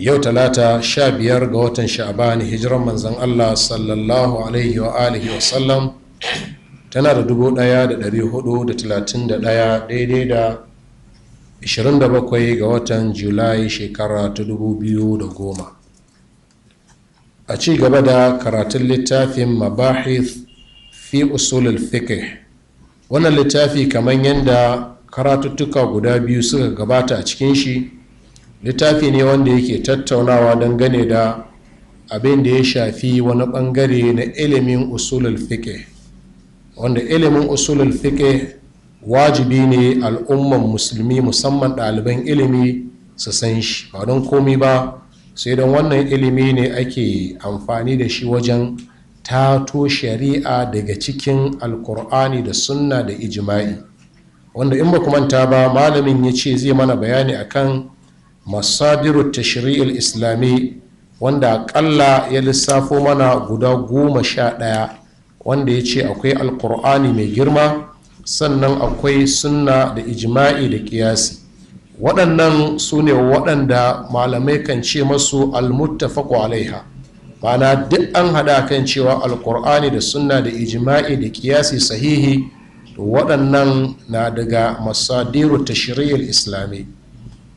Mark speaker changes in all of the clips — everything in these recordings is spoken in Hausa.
Speaker 1: yau talata sha biyar ga watan sha'aban hijiran manzan allah sallallahu alaihi wa alihi wa sallam tana da dubu daya da dari hudu da talatin da daya daidai da ishirin da bakwai ga watan julai shekara ta dubu biyu da goma a ci gaba da karatun littafin mabahith fi usulul fiqh wannan littafi kamar yadda karatuttuka guda biyu suka gabata a cikin shi littafi ne wanda yake tattaunawa don gane da abin da ya shafi wani bangare na ilimin usulul fiqh wanda ilimin usulul fiqh wajibi ne al'umman musulmi musamman ɗaliban ilimi su san shi ba don komi ba sai don wannan ilimi ne ake amfani da shi wajen tato shari'a daga cikin alkur'ani da sunna da ijima'i wanda in ba manta ba malamin ya ce zai mana bayani akan masadiru tashri'il islami wanda akalla ya lissafo mana guda goma sha ɗaya wanda ya ce akwai alkur'ani mai girma sannan akwai sunna da ijma'i da kiyasi waɗannan su ne waɗanda malamai kan ce masu almuttafaku alaiha ma'ana duk an haɗa kan cewa alkur'ani da sunna da ijma'i da kiyasi sahihi waɗannan na daga masadiru tashri'il islami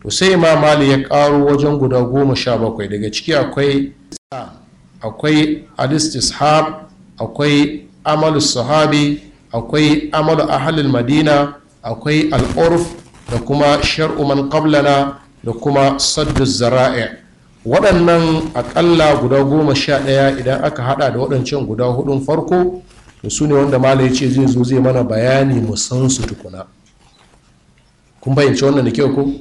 Speaker 1: to sai imam mali ya karo wajen guda goma sha bakwai daga ciki akwai akwai al akwai amalu sahabi akwai amalu ahalil madina akwai al'urf da kuma Shar'uman kablana da kuma saddu zara'i waɗannan aƙalla guda goma sha ɗaya idan aka haɗa da waɗancan guda hudun farko to su ne wanda ya ce zai zo zai mana bayani mu san su tukuna kun bayyance wannan da kyau ko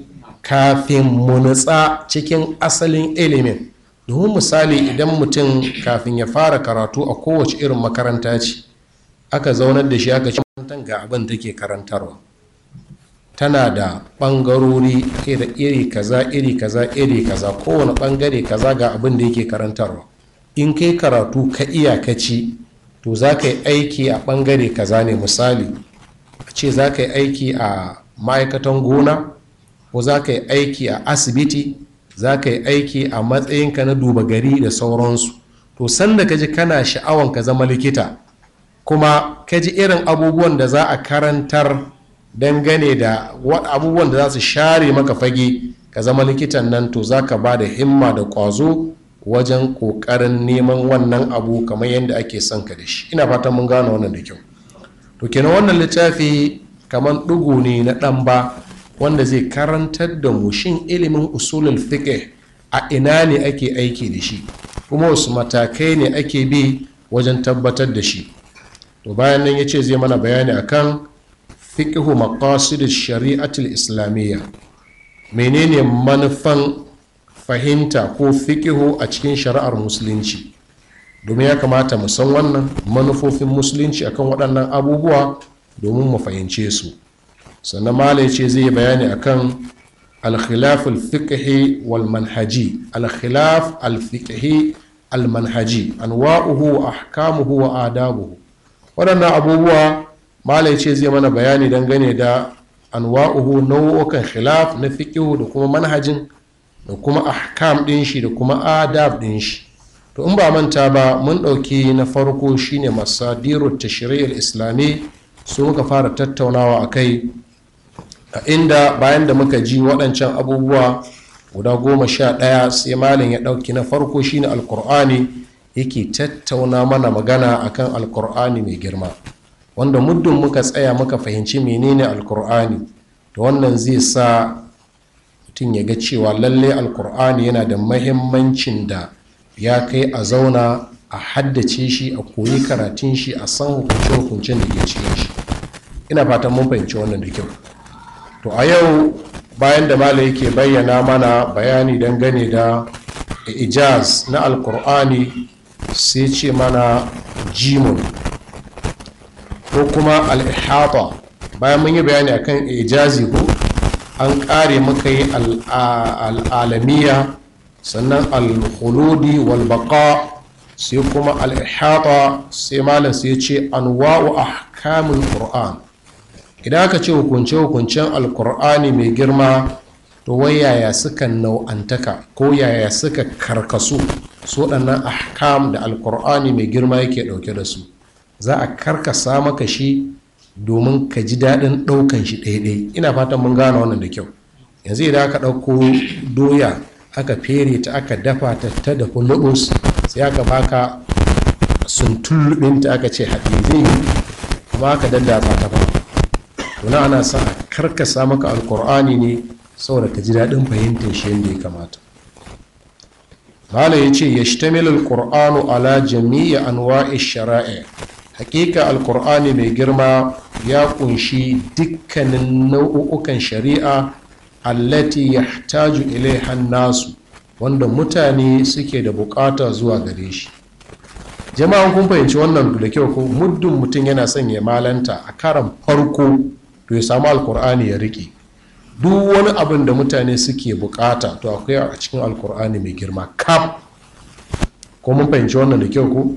Speaker 1: kafin mu nutsa cikin asalin ilimin domin misali idan mutum kafin ya fara karatu a kowace irin makaranta ce aka zaunar da shi aka ci makarantar ga abin take karantarwa tana da ɓangarori da iri kaza iri kaza iri kaza kowane ɓangare kaza ga abin da yake karantarwa in kai karatu ka iyakaci to za ka yi aiki a ɓangare kaza ne misali a ce za ka yi aiki a ma'aikatan gona ko za ka yi aiki a asibiti za ka yi aiki a matsayinka na duba gari da sauransu to sanda ka ji kana sha'awan ka zama likita kuma ka ji irin abubuwan da za a karantar dangane da abubuwan da za su share maka fage ka zama likitan nan to za ka ba da himma da ƙwazo wajen ƙoƙarin neman wannan abu kamar yadda ake son ka da shi ina fatan mun gane wannan da kyau to kenan wannan littafi kamar ɗugu ne na ɗan ba wanda zai karantar da mushin ilimin usulul fiqh a ina ne ake aiki da shi kuma wasu matakai ne ake bi wajen tabbatar da shi to bayan nan ya ce zai mana bayani akan fiqhu maqasid shari'atul islamiyya menene manufan fahimta ko fiqhu a cikin shari'ar musulunci domin ya kamata mu san wannan manufofin musulunci akan waɗannan abubuwa domin mu fahimce su sannan malai ce zai bayani akan kan alkhilaf al-fiqhi wal manhaji al-khilaf al wa ahkamuhu wa adabuhu waɗannan abubuwa malai ce zai mana bayani dangane da anwa'uhu nau'ukan khilaf na fikihu da kuma manhajin da kuma ahkam ɗin shi da kuma adab ɗin shi to in ba manta ba mun ɗauki na farko shine masadiru tashri'il islami su muka fara tattaunawa akai a inda bayan da muka ji waɗancan abubuwa guda goma sha ɗaya sai malin ya ɗauki na farko shine alkur'ani yake tattauna mana magana akan alkur'ani mai girma wanda muddin muka tsaya muka fahimci menene alkur'ani da wannan zai sa mutum ya ga cewa lalle alkur'ani yana da mahimmancin da ya kai a zauna a haddace shi a koyi karatun shi a san hukunce hukuncin da ke cikin shi ina fatan mun fahimci wannan da kyau to a yau bayan da malai ke bayyana mana bayani dangane da ijaz na alkur'ani sai ce mana jimun ko kuma al'ihata bayan mun yi bayani akan ijazi ko an kare muka yi al'alamiya sannan al walbaka, wal-baqa sai kuma al'ihata sai malam sai ce anwa'u ahkamul qur'an idan aka ce hukunce-hukuncen alkur'ani mai girma to wai yaya suka nau'antaka ko yaya suka karkasu su waɗannan ahkam da alkur'ani mai girma yake ɗauke da su za a karkasa maka shi domin ka ji daɗin ɗaukan shi ɗaiɗai ina fatan mun gane wannan da kyau yanzu idan aka ɗauko doya aka fere ta aka dafa ta ta dafa lobos sai aka baka suntullubinta aka ce haɗe zai yi kuma aka daddatsa ta fa tuna ana sa karkasa maka alkur'ani ne saboda ka ji daɗin fahimtar shi yadda ya kamata hala ya ce ya mil alkur'anu ala jami'a an anwa'i shara'a hakika alkur'ani mai girma ya kunshi dukkanin nau'ukan shari'a allati taju ilaiha nasu wanda mutane suke da bukata zuwa gare shi jama'an kun fahimci wannan da kyau ko muddin mutum yana son ya malanta a karan farko to ya samu alkur'ani ya riƙe duk wani abin da mutane suke bukata to akwai a cikin alkur'ani mai girma kaf ko mun fahimci wannan da kyau ko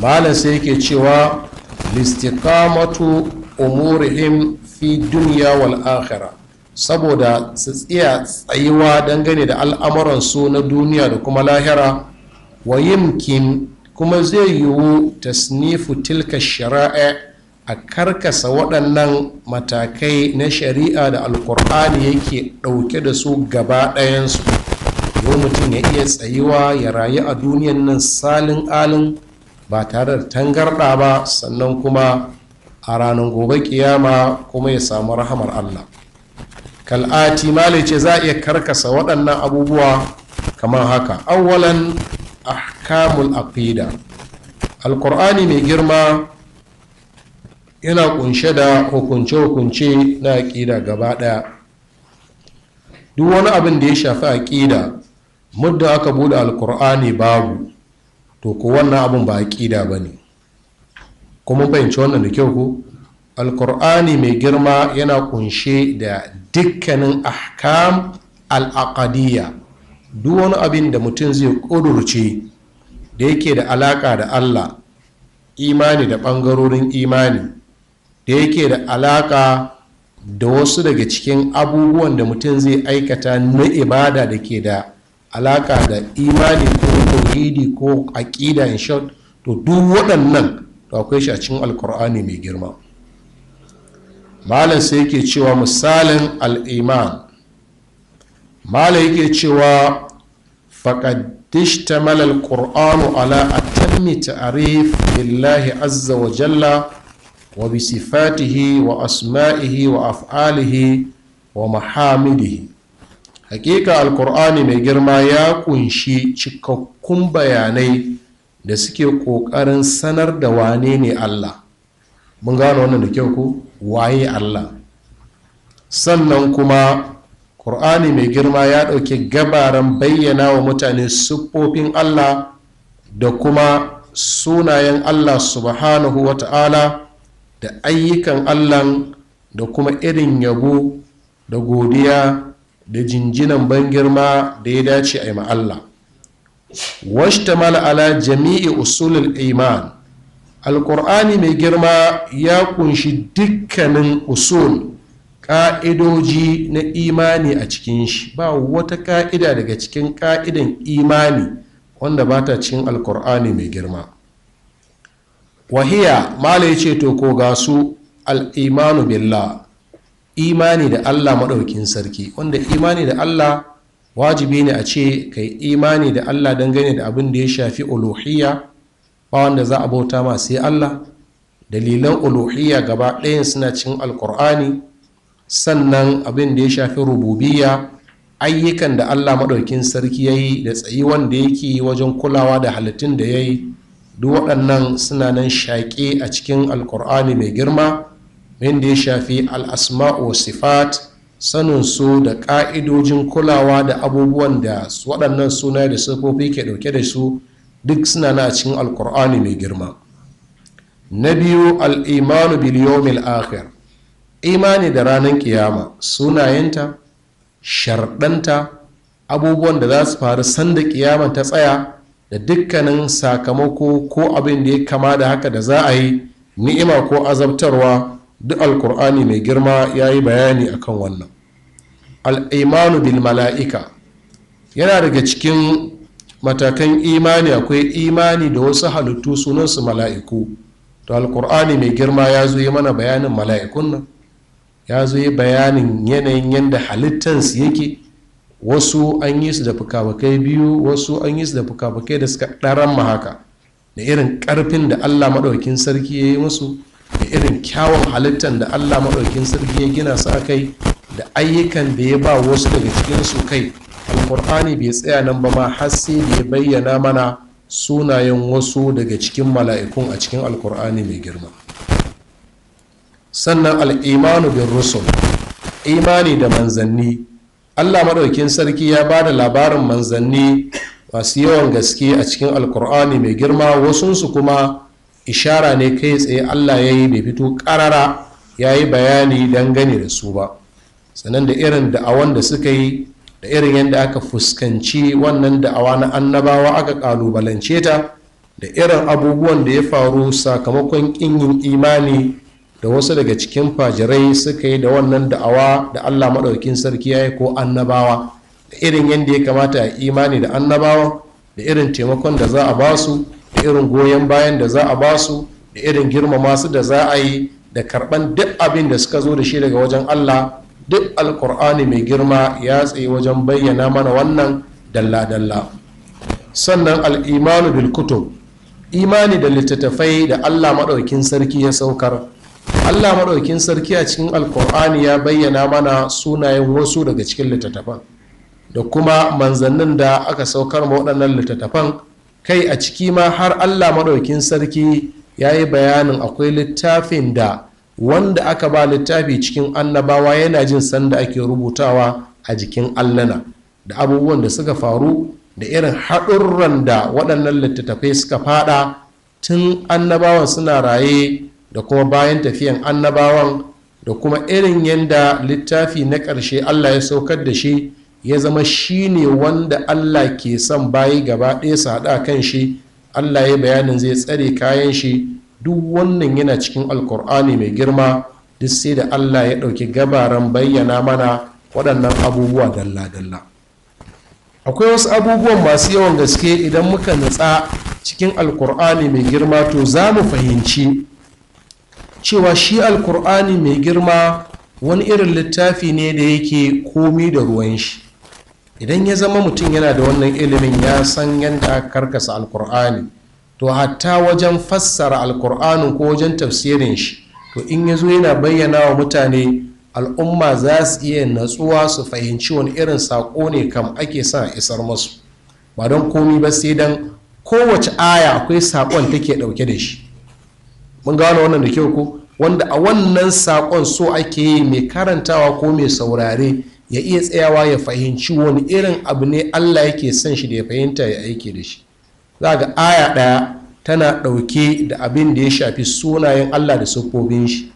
Speaker 1: malam sai yake cewa listiqamatu umurihim fi dunya wal akhirah saboda su tsiya tsayuwa dangane da al'amuran su na duniya da kuma lahira wa yimkin kuma zai yiwu tasnifu tilka shara'a a karkasa waɗannan matakai na shari'a da alkur'ani yake ɗauke da su gaba ɗayansu yau mutum ya iya tsayuwa ya rayu a duniyan nan salin alin ba tare da tangarɗa ba sannan kuma a ranar gobe kiyama kuma ya samu rahamar allah kal'ati malai ce za a iya karkasa waɗannan abubuwa kamar haka awwalan ahkamul aqida alkur'ani mai girma yana kunshe da hukunce-hukunce na aƙida gaba ɗaya duk wani abin da ya shafi aƙida mudda aka buɗe alkur'ani babu to ko wannan abin ba aƙida ba ne kuma fahimci wannan da kyau ku, alkur'ani mai girma yana kunshe da dukkanin ahkam al'aqadiyya duk wani abin da mutum zai ƙudurce da yake da alaƙa da allah imani da ɓangarorin imani da yake da alaka da wasu daga cikin abubuwan da mutum zai aikata na ibada da ke da alaka da imani ko tauhidi ko aƙida in short to duk waɗannan to akwai shi a cikin alkur'ani mai girma malam sai yake cewa misalin al'iman malam yake cewa ta malal ƙur'anu ala a tammi ta'arif lillahi azza wa jalla wa bi sifatihi wa asma'ihi wa af'alihi wa mahamidihi hakika alkur'ani mai girma ya kunshi cikakkun bayanai da suke ƙoƙarin sanar da wane ne allah mun gano wannan da kyau ko waye allah sannan kuma ƙur'ani mai girma ya ɗauki gabaran bayyana wa mutane siffofin allah da kuma sunayen allah subhanahu wa ta'ala da ayyukan allah da kuma irin yabo da godiya da jinjinan ban girma da ya dace a yi Allah. ta ala jami'i usulul iman alkur'ani mai girma ya kunshi dukkanin usul ƙa'idoji na imani a cikin shi ba wata ƙa'ida daga cikin ƙa'idan imani wanda ba ta cikin alkur'ani mai girma wahiya mala ya ce to ko ga su al'imanu billah imani da allah maɗaukin sarki wanda imani da allah wajibi ne a ce ka imani da allah dangane da abin da ya shafi uluhiyya ba wanda za a bauta ma sai allah dalilan uluhiyya gaba ɗayan suna cin alkur'ani sannan abin da ya shafi rububiyya ayyukan da allah maɗaukin sarki ya yi da tsayi wanda yake wajen kulawa da halittun da ya yi duk waɗannan suna nan shaƙe a cikin alkur'ani mai girma wanda ya shafi al'asma'u sifat sanin su da ƙa'idojin kulawa da abubuwan da waɗannan suna da sufofi ke ɗauke da su duk suna na cikin alkur'ani mai girma na biyu al'imanu biliyomil akhir imani da ranar kiyama sunayenta sharɗanta abubuwan da za su faru sanda kiyama ta tsaya da dukkanin sakamako ko abin da ya kama da haka da za a yi ni'ima ko azabtarwa duk alkur'ani mai girma ya yi bayani a kan wannan al'imanu bil mala'ika yana daga cikin matakan imani akwai imani da wasu halittu sunansu mala'iku to alkur'ani mai girma ya zo yi mana bayanin mala'ikun nan ya zo yi bayanin yanayin yadda halittansu yake wasu an yi su da fukafukai biyu wasu an yi su da fukafukai da suka ɗaran ma haka da irin ƙarfin da allah maɗaukin sarki ya yi musu da irin kyawun halittar da allah maɗaukin sarki ya gina su a kai da ayyukan da ya ba wasu daga cikin su kai Alƙur'ani bai tsaya nan ba ma har sai da ya bayyana mana sunayen wasu daga cikin mala'ikun a cikin Alƙur'ani mai girma sannan al'imanu bin rusul imani da manzanni allah maɗaukin sarki ya ba da labarin manzanni masu yawan gaske a cikin alkur'ani mai girma wasunsu kuma ishara ne kai tsaye allah ya yi bai fito ƙarara ya yi bayani dangane da su ba sannan da irin da'awan da suka yi da irin yadda aka fuskanci wannan da'awa na annabawa aka ƙalubalance ta da irin abubuwan da ya faru sakamakon ƙin yin imani da wasu daga cikin fajirai suka yi da wannan da'awa da allah maɗaukin sarki ya yi ko annabawa da irin yadda ya kamata a imani da annabawa da irin taimakon da za a ba su da irin goyon bayan da za a ba su da irin girmama su da za a yi da karɓan duk abin da suka zo da shi daga wajen allah duk alkur'ani mai girma ya tsaye wajen bayyana mana wannan dalla-dalla sannan al'imanu bil kutub imani da littattafai da allah maɗaukin sarki ya saukar allah maɗaukin sarki a cikin alkur'ani ya bayyana mana sunayen wasu daga cikin littattafan da kuma manzannin da aka saukar ma waɗannan littattafan kai a ciki ma har allah maɗaukin sarki ya yi bayanin akwai littafin da wanda aka ba littafi cikin annabawa yana jin sanda ake rubutawa a jikin allana da abubuwan da suka faru da irin haɗurran da waɗannan littattafai suka faɗa tun annabawan suna raye da kuma bayan tafiyan annabawan da kuma irin yadda littafi na ƙarshe allah ya saukar da shi ya zama shi ne wanda allah ke son bayi gaba ɗaya su haɗa kan shi allah ya bayanin zai tsare kayan shi duk wannan yana cikin alkur'ani mai girma duk sai da allah ya ɗauki gabaran bayyana mana waɗannan abubuwa dalla-dalla akwai wasu abubuwan masu yawan gaske idan muka nutsa cikin alkur'ani mai girma to za mu fahimci cewa shi alkur'ani mai girma wani irin littafi ne da yake komi da ruwan shi idan ya zama mutum yana da wannan ilimin ya san yadda aka karkasa alkur'ani to hatta wajen fassara alkur'ani ko wajen tafsirin shi to in ya zo yana bayyana wa mutane al'umma za su iya natsuwa su fahimci wani irin saƙo ne kam ake sa isar masu ba don komi ba sai don kowace aya akwai saƙon take ɗauke da shi mun gano wannan da kyau ko wanda a wannan sakon so ake yi mai karantawa ko mai saurare ya iya tsayawa ya fahimci wani irin abu ne allah yake son shi da ya fahimta ya aiki da shi za ga aya ɗaya tana ɗauke da abin da ya shafi sunayen allah da siffofin shi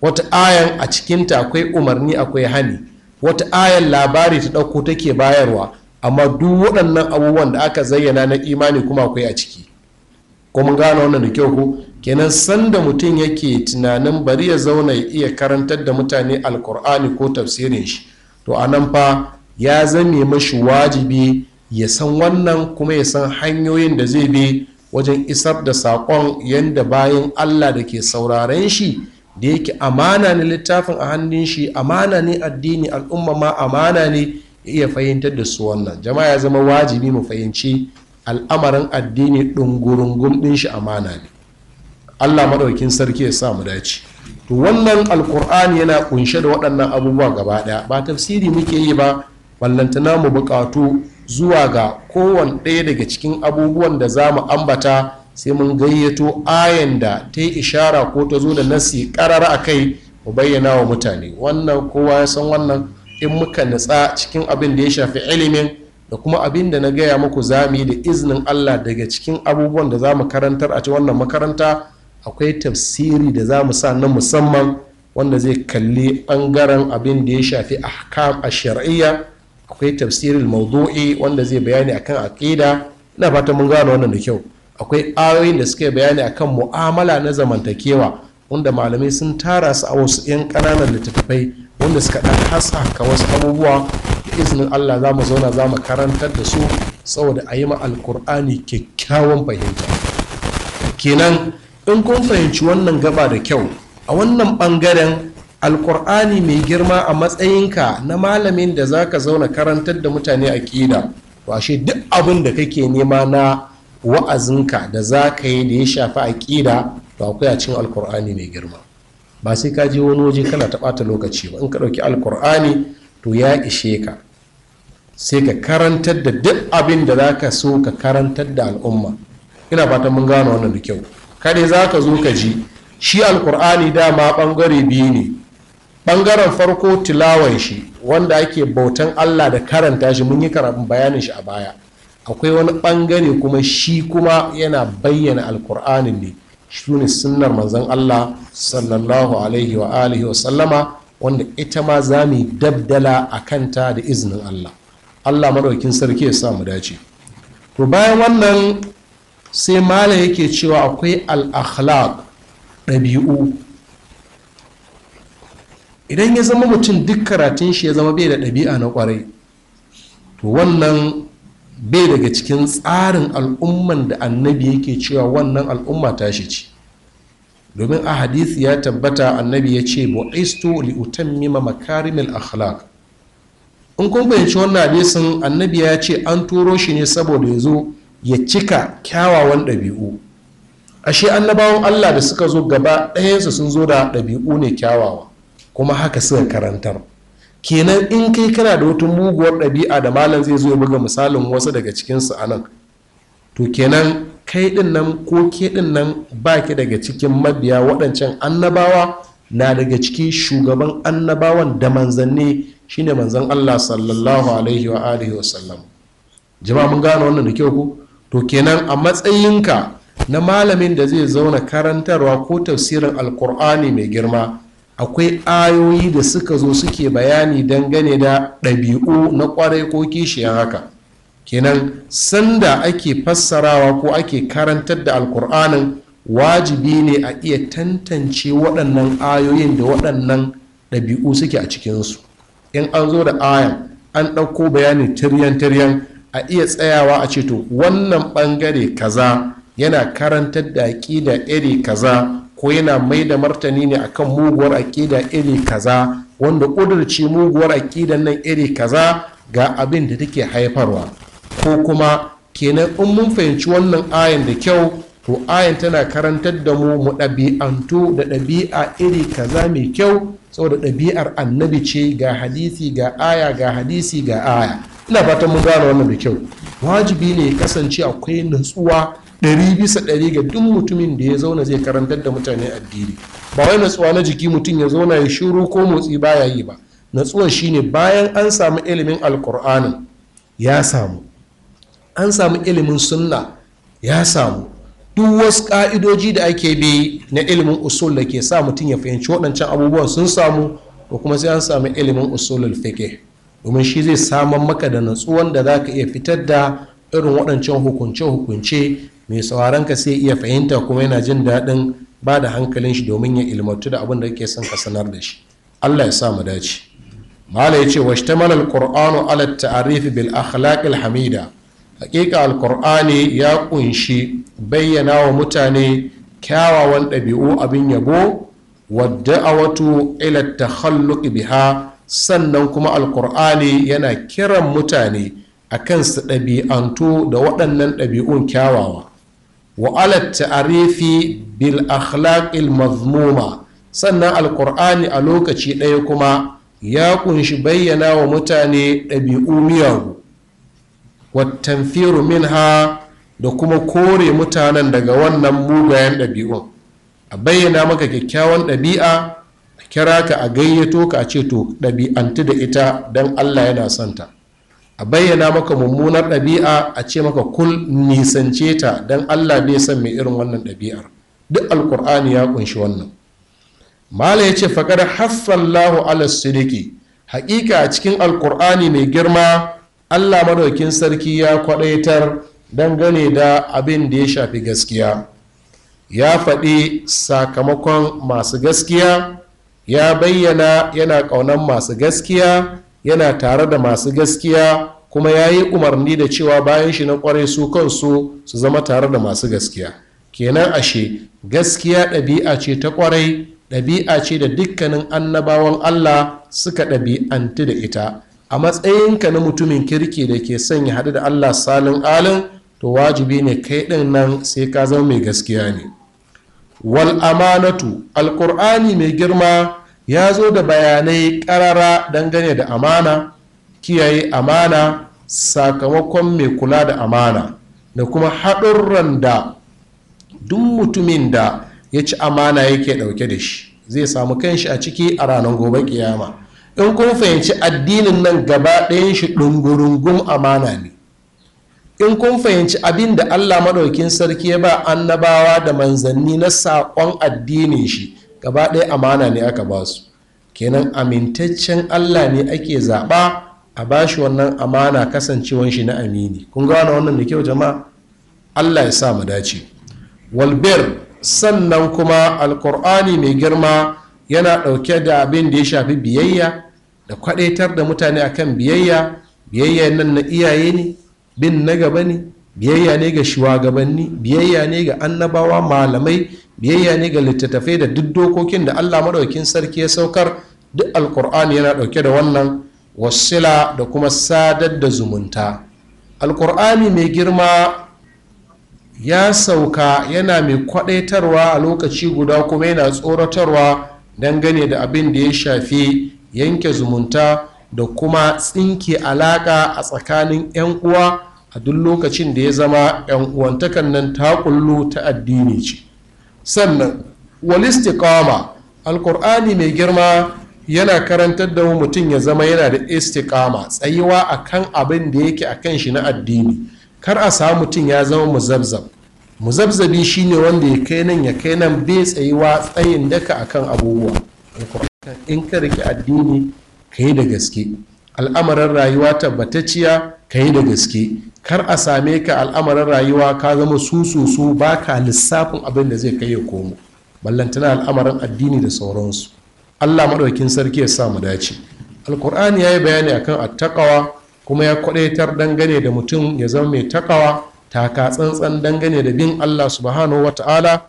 Speaker 1: wata ayan a cikinta akwai umarni akwai hani wata ayan labari ta ɗauko take bayarwa amma duk waɗannan abubuwan da aka zayyana na imani kuma akwai a ciki ko mun gane wannan da kyau ko kenan sanda mutum yake tunanin bari ya zauna ya iya karantar da mutane alkur'ani ko tafsirin shi to a nan fa ya zame mashi wajibi ya san wannan kuma ya san hanyoyin da zai bi wajen isar da saƙon yadda bayan allah da ke sauraren shi da yake amana ne littafin a hannun shi amana ne addini al'umma ma amana ne ya iya fahimtar da su wannan jama'a ya zama wajibi mu fahimci al'amarin addini ɗungurungun ɗin shi amana ne allah maɗaukin sarki ya sa mu dace to wannan alkur'ani yana kunshe da waɗannan abubuwa gaba ɗaya ba tafsiri muke yi ba ballantana mu buƙatu zuwa ga kowane ɗaya daga cikin abubuwan da za mu ambata sai mun gayyato ayan da ta yi ishara ko ta zo da nasi ƙarar a kai mu bayyana wa mutane wannan kowa ya san wannan in muka nutsa cikin abin da ya shafi ilimin da kuma abin da na gaya muku za yi da iznin allah daga cikin abubuwan da za mu karantar a ci wannan makaranta akwai tafsiri da za mu sa na musamman wanda zai kalli ɓangaren abin da ya shafi ahkam a shari'a akwai tafsirin maudu'i wanda zai bayani akan aƙida ina fata mun gano wannan da kyau akwai ayoyin da suke bayani akan mu'amala na zamantakewa wanda malamai sun tara su a wasu 'yan ƙananan littattafai wanda suka ɗan ka wasu abubuwa da izinin allah za mu zauna za mu karantar da su saboda a yi ma alkur'ani kyakkyawan fahimta kenan in kun fahimci wannan gaba da kyau a wannan bangaren alkur'ani mai girma a matsayinka na malamin da zaka zauna karantar da mutane a aƙida washe duk abin da kake nema na wa'azinka da za ka yi da ya shafi aƙida to akwai a cikin alkur'ani mai girma ba sai ka je wani waje kana ta ɓata lokaci ba in ka ɗauki alkur'ani to ya ishe ka sai ka karantar da duk abin da za ka so ka karantar da al'umma ina fatan mun gano wannan da kyau kare za ka zo ka ji shi alkur'ani dama ɓangare biyu ne ɓangaren farko tilawan shi wanda ake bautan allah da karanta shi mun yi karabin bayanin shi a baya akwai wani ɓangare kuma shi kuma yana bayyana alkur'anin ne shi ne sunnar manzon allah sallallahu alaihi wa alihi wa sallama wanda ita ma za mu dabdala a kanta da izinin allah allah maɗaukin sarki ya sa dace to bayan wannan sai mala yake cewa akwai al'akhlaq ɗabi'u idan ya zama mutum duk karatun shi ya zama bai da ɗabi'a na ƙwarai to wannan bai daga cikin tsarin al'umman da annabi yake cewa wannan al'umma ta shi ce domin a hadisi ya tabbata annabi ya ce aisto li utammima makarimil akhlaq in kun fahimci wannan hadisin annabi ya ce an turo shi ne saboda ya zo ya cika kyawawan ɗabi'u ashe annabawan allah da suka zo gaba ɗayansu sun zo da ɗabi'u ne kyawawa kuma haka suka karantar kenan in kai kana da wata muguwar ɗabi'a da malam zai zo ya buga misalin wasu daga cikinsu a nan to kenan kai ɗin nan ko ke ɗin nan ba ke daga cikin mabiya waɗancan annabawa na daga cikin shugaban annabawan da manzanni shine manzan allah sallallahu alaihi wa alihi wa jama'a mun gane wannan da kyau ko. to kenan a matsayinka na malamin da zai zauna karantarwa ko tafsirin alkur'ani mai girma akwai ayoyi da suka zo suke bayani dangane da ɗabi'u na ƙwarai ko kishiyar haka kenan sanda ake fassarawa ko ake karantar da alkur'anin wajibi ne a iya tantance waɗannan ayoyin da waɗannan ɗabi'u suke a cikinsu in an zo da ayan an ɗauko bayani tiryan-tiryan a iya tsayawa a ce to wannan bangare kaza yana karantar da aƙida iri kaza ko yana mai da martani ne akan muguwar aƙida iri kaza wanda ƙudurci muguwar aƙidan nan iri kaza ga abin da take haifarwa ko kuma kenan in mun fahimci wannan ayan da kyau to ayan tana karantar da mu mu ɗabi'antu da ɗabi'a iri kaza mai kyau saboda ɗabi'ar annabi ce ga hadisi ga aya ga hadisi ga aya ina fatan mun gane wannan da kyau wajibi ne ya kasance akwai natsuwa ɗari bisa ɗari ga duk mutumin da ya zauna zai karantar da mutane addini ba wai natsuwa na jiki mutum ya zauna ya shiru ko motsi baya yi ba natsuwar shine bayan an samu ilimin alkur'anin ya samu an samu ilimin sunna ya samu duk wasu ka'idoji da ake bi na ilimin usul da ke sa mutum ya fahimci waɗancan abubuwan sun samu ko kuma sai an samu ilimin usulul fiqh domin shi zai samar maka da natsuwan da za ka iya fitar da irin waɗancan hukunce-hukunce mai sauraron ka sai iya fahimta kuma yana jin daɗin ba da hankalin shi domin ya ilmantu da abin da kake son ka sanar da shi allah ya sa mu dace mala ya ce washta malar qur'anu ala ta'arifi bil akhlaƙil hamida Haƙiƙa alkur'ani ya ƙunshi bayyana wa mutane kyawawan ɗabi'u abin yabo wadda a wato ila takhalluq biha sannan kuma alkur'ani yana kiran mutane a kan su ɗabi'antu da waɗannan ɗabi'un kyawawa wa'alar ta'arifi bil akhlaqil mazmuma sannan alkur'ani a lokaci ɗaya kuma ya ƙunshi bayyana wa mutane ɗabi'u miyagu wattanfiru minha da kuma kore mutanen daga wannan mugayen ɗabi'un a bayyana maka kyakkyawan ɗabi'a kira ka a gayyato ka a ce to ɗabi'antu da ita don allah yana santa a bayyana maka mummunar ɗabi'a a ce maka kul nisance ta don allah bai san mai irin wannan ɗabi'ar duk alkur'ani ya kunshi wannan mala ya ce faƙar lahu ala sidiki haƙiƙa a cikin alkur'ani mai girma allah madaukin sarki ya kwaɗaitar dangane da abin da ya shafi gaskiya ya faɗi sakamakon masu gaskiya ya bayyana yana ƙaunan masu gaskiya yana tare da masu gaskiya kuma ya yi umarni da cewa bayan shi na kwarai su kansu su zama tare da masu gaskiya kenan ashe gaskiya ɗabi'a ce ta kwarai ɗabi'a ce da dukkanin annabawan allah suka ɗabi'antu da ita a matsayinka na mutumin kirki da ke sanya haɗu da allah salin alin to wajibi ne kai ɗin nan sai ka zama mai gaskiya ne wal amanatu Alkur'ani mai girma ya zo da bayanai karara dangane da amana kiyaye amana sakamakon mai kula da amana da kuma haɗurran da duk mutumin da ya ci amana yake ɗauke da shi zai samu kan shi a ciki a ranar gobe kiyama in kun fahimci addinin nan gaba ɗayan shi ɗungurungun amana ne in kun fahimci abin da allah maɗaukin sarki ya ba annabawa da manzanni na saƙon addinin shi gaba ɗaya amana ne aka ba su kenan amintaccen allah ne ake zaɓa a ba shi wannan amana kasancewan shi na amini kun gane wannan da kyau jama'a allah ya sa mu dace walbir sannan kuma alkur'ani mai girma yana ɗauke da abin da ya shafi biyayya da kwaɗaitar da mutane akan biyayya biyayya nan na iyaye ne bin na gaba ne biyayya ne ga shugabanni biyayya ne ga annabawa malamai biyayya ne ga littattafai da duk dokokin da allah maɗaukin sarki ya saukar duk alkur'ani yana ɗauke da wannan wasila da kuma sadar da zumunta alkur'ani mai girma ya sauka yana mai kwaɗaitarwa a lokaci guda kuma yana tsoratarwa dangane da abin da ya shafi yanke zumunta da kuma tsinke alaƙa a tsakanin 'yan uwa a duk lokacin da ya zama 'yan uwantakan nan ta ta addini ce sannan wal alkur'ani mai girma yana karantar da mutum ya zama yana da tsayiwa tsayuwa kan abin da yake kan shi na addini kar a samu mutum ya zama muzabzab muzabzabi shine wanda ya kai nan ya kai nan bai tsayuwa tsayin daka a kan abubuwa in ka rike addini ka yi da gaske al'amarin rayuwa tabbatacciya ka yi da gaske kar a same ka al'amarin rayuwa ka zama su ba ka lissafin abin da zai kai ya komo ballantana al'amarin addini da sauransu allah maɗaukin sarki ya sa mu dace alkur'ani ya yi bayani akan attakawa kuma ya kwadaitar dangane da mutum ya zama mai takawa taka tsantsan dangane da bin allah subhanahu wa ta'ala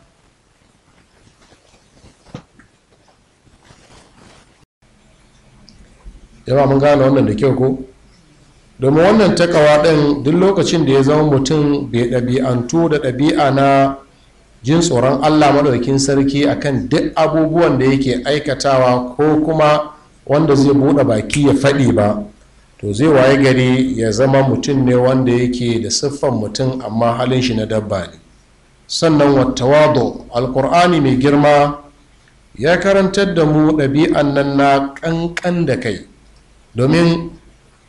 Speaker 1: yawa mun gane wannan da kyau ko domin wannan takawa ɗin duk lokacin da ya zama mutum bai ɗabi'antu da ɗabi'a na jin tsoron allah maɗaukin sarki akan duk abubuwan da yake aikatawa ko kuma wanda zai buɗe baki ya faɗi ba to zai waye gari ya zama mutum ne wanda yake da siffan mutum amma halin shi na dabba ne sannan wattawado alkur'ani mai girma ya karantar da mu ɗabi'an nan na ƙanƙan da kai domin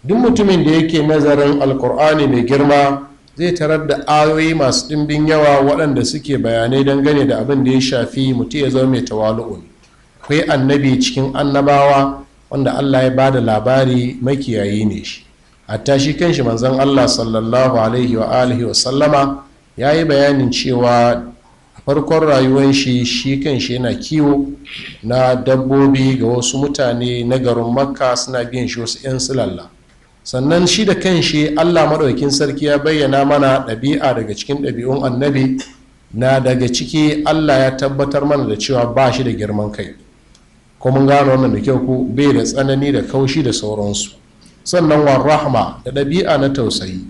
Speaker 1: duk mutumin da yake nazarin alkur'ani mai girma zai tarar da ayoyi masu ɗimbin yawa waɗanda suke bayanai dangane da abin da ya shafi mutum ya zama mai tawalu'u akwai annabi cikin annabawa wanda allah ya ba da labari makiyayi ne shi hatta shi kanshi manzon allah sallallahu alaihi wa alihi wa sallama ya yi bayanin cewa farkon rayuwar shi shi kanshi yana kiwo na dabbobi ga wasu mutane na garin makka suna biyan shi wasu 'yan sulallah sannan shi da kan shi allah maɗaukin sarki ya bayyana mana ɗabi'a daga cikin ɗabi'un annabi na daga ciki allah ya tabbatar mana da cewa ba shi da girman kai ko mun gano wannan da kyau ko bai da tsanani da kaushi da sauransu sannan wa rahma da ɗabi'a na tausayi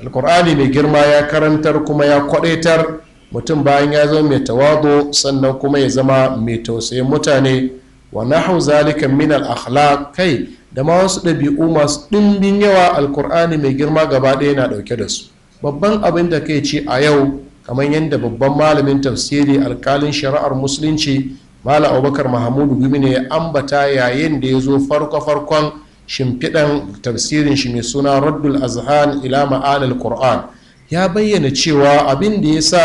Speaker 1: alkur'ani mai girma ya karantar kuma ya kwaɗaitar mutum bayan ya zama mai tawado sannan kuma ya zama mai tausayin mutane wa nahu zalika min al-akhlaq kai da ma wasu ɗabi'u masu ɗimbin yawa alkur'ani mai girma gaba ɗaya na ɗauke da su babban abin da kai ce a yau kamar yadda babban malamin tafsiri alkalin shari'ar musulunci malam abubakar mahamudu gumi ne ya ambata yayin da ya zo farko-farkon shimfiɗan tafsirin shi mai suna raddul azhan ila ma'anil qur'an ya bayyana cewa abin da ya sa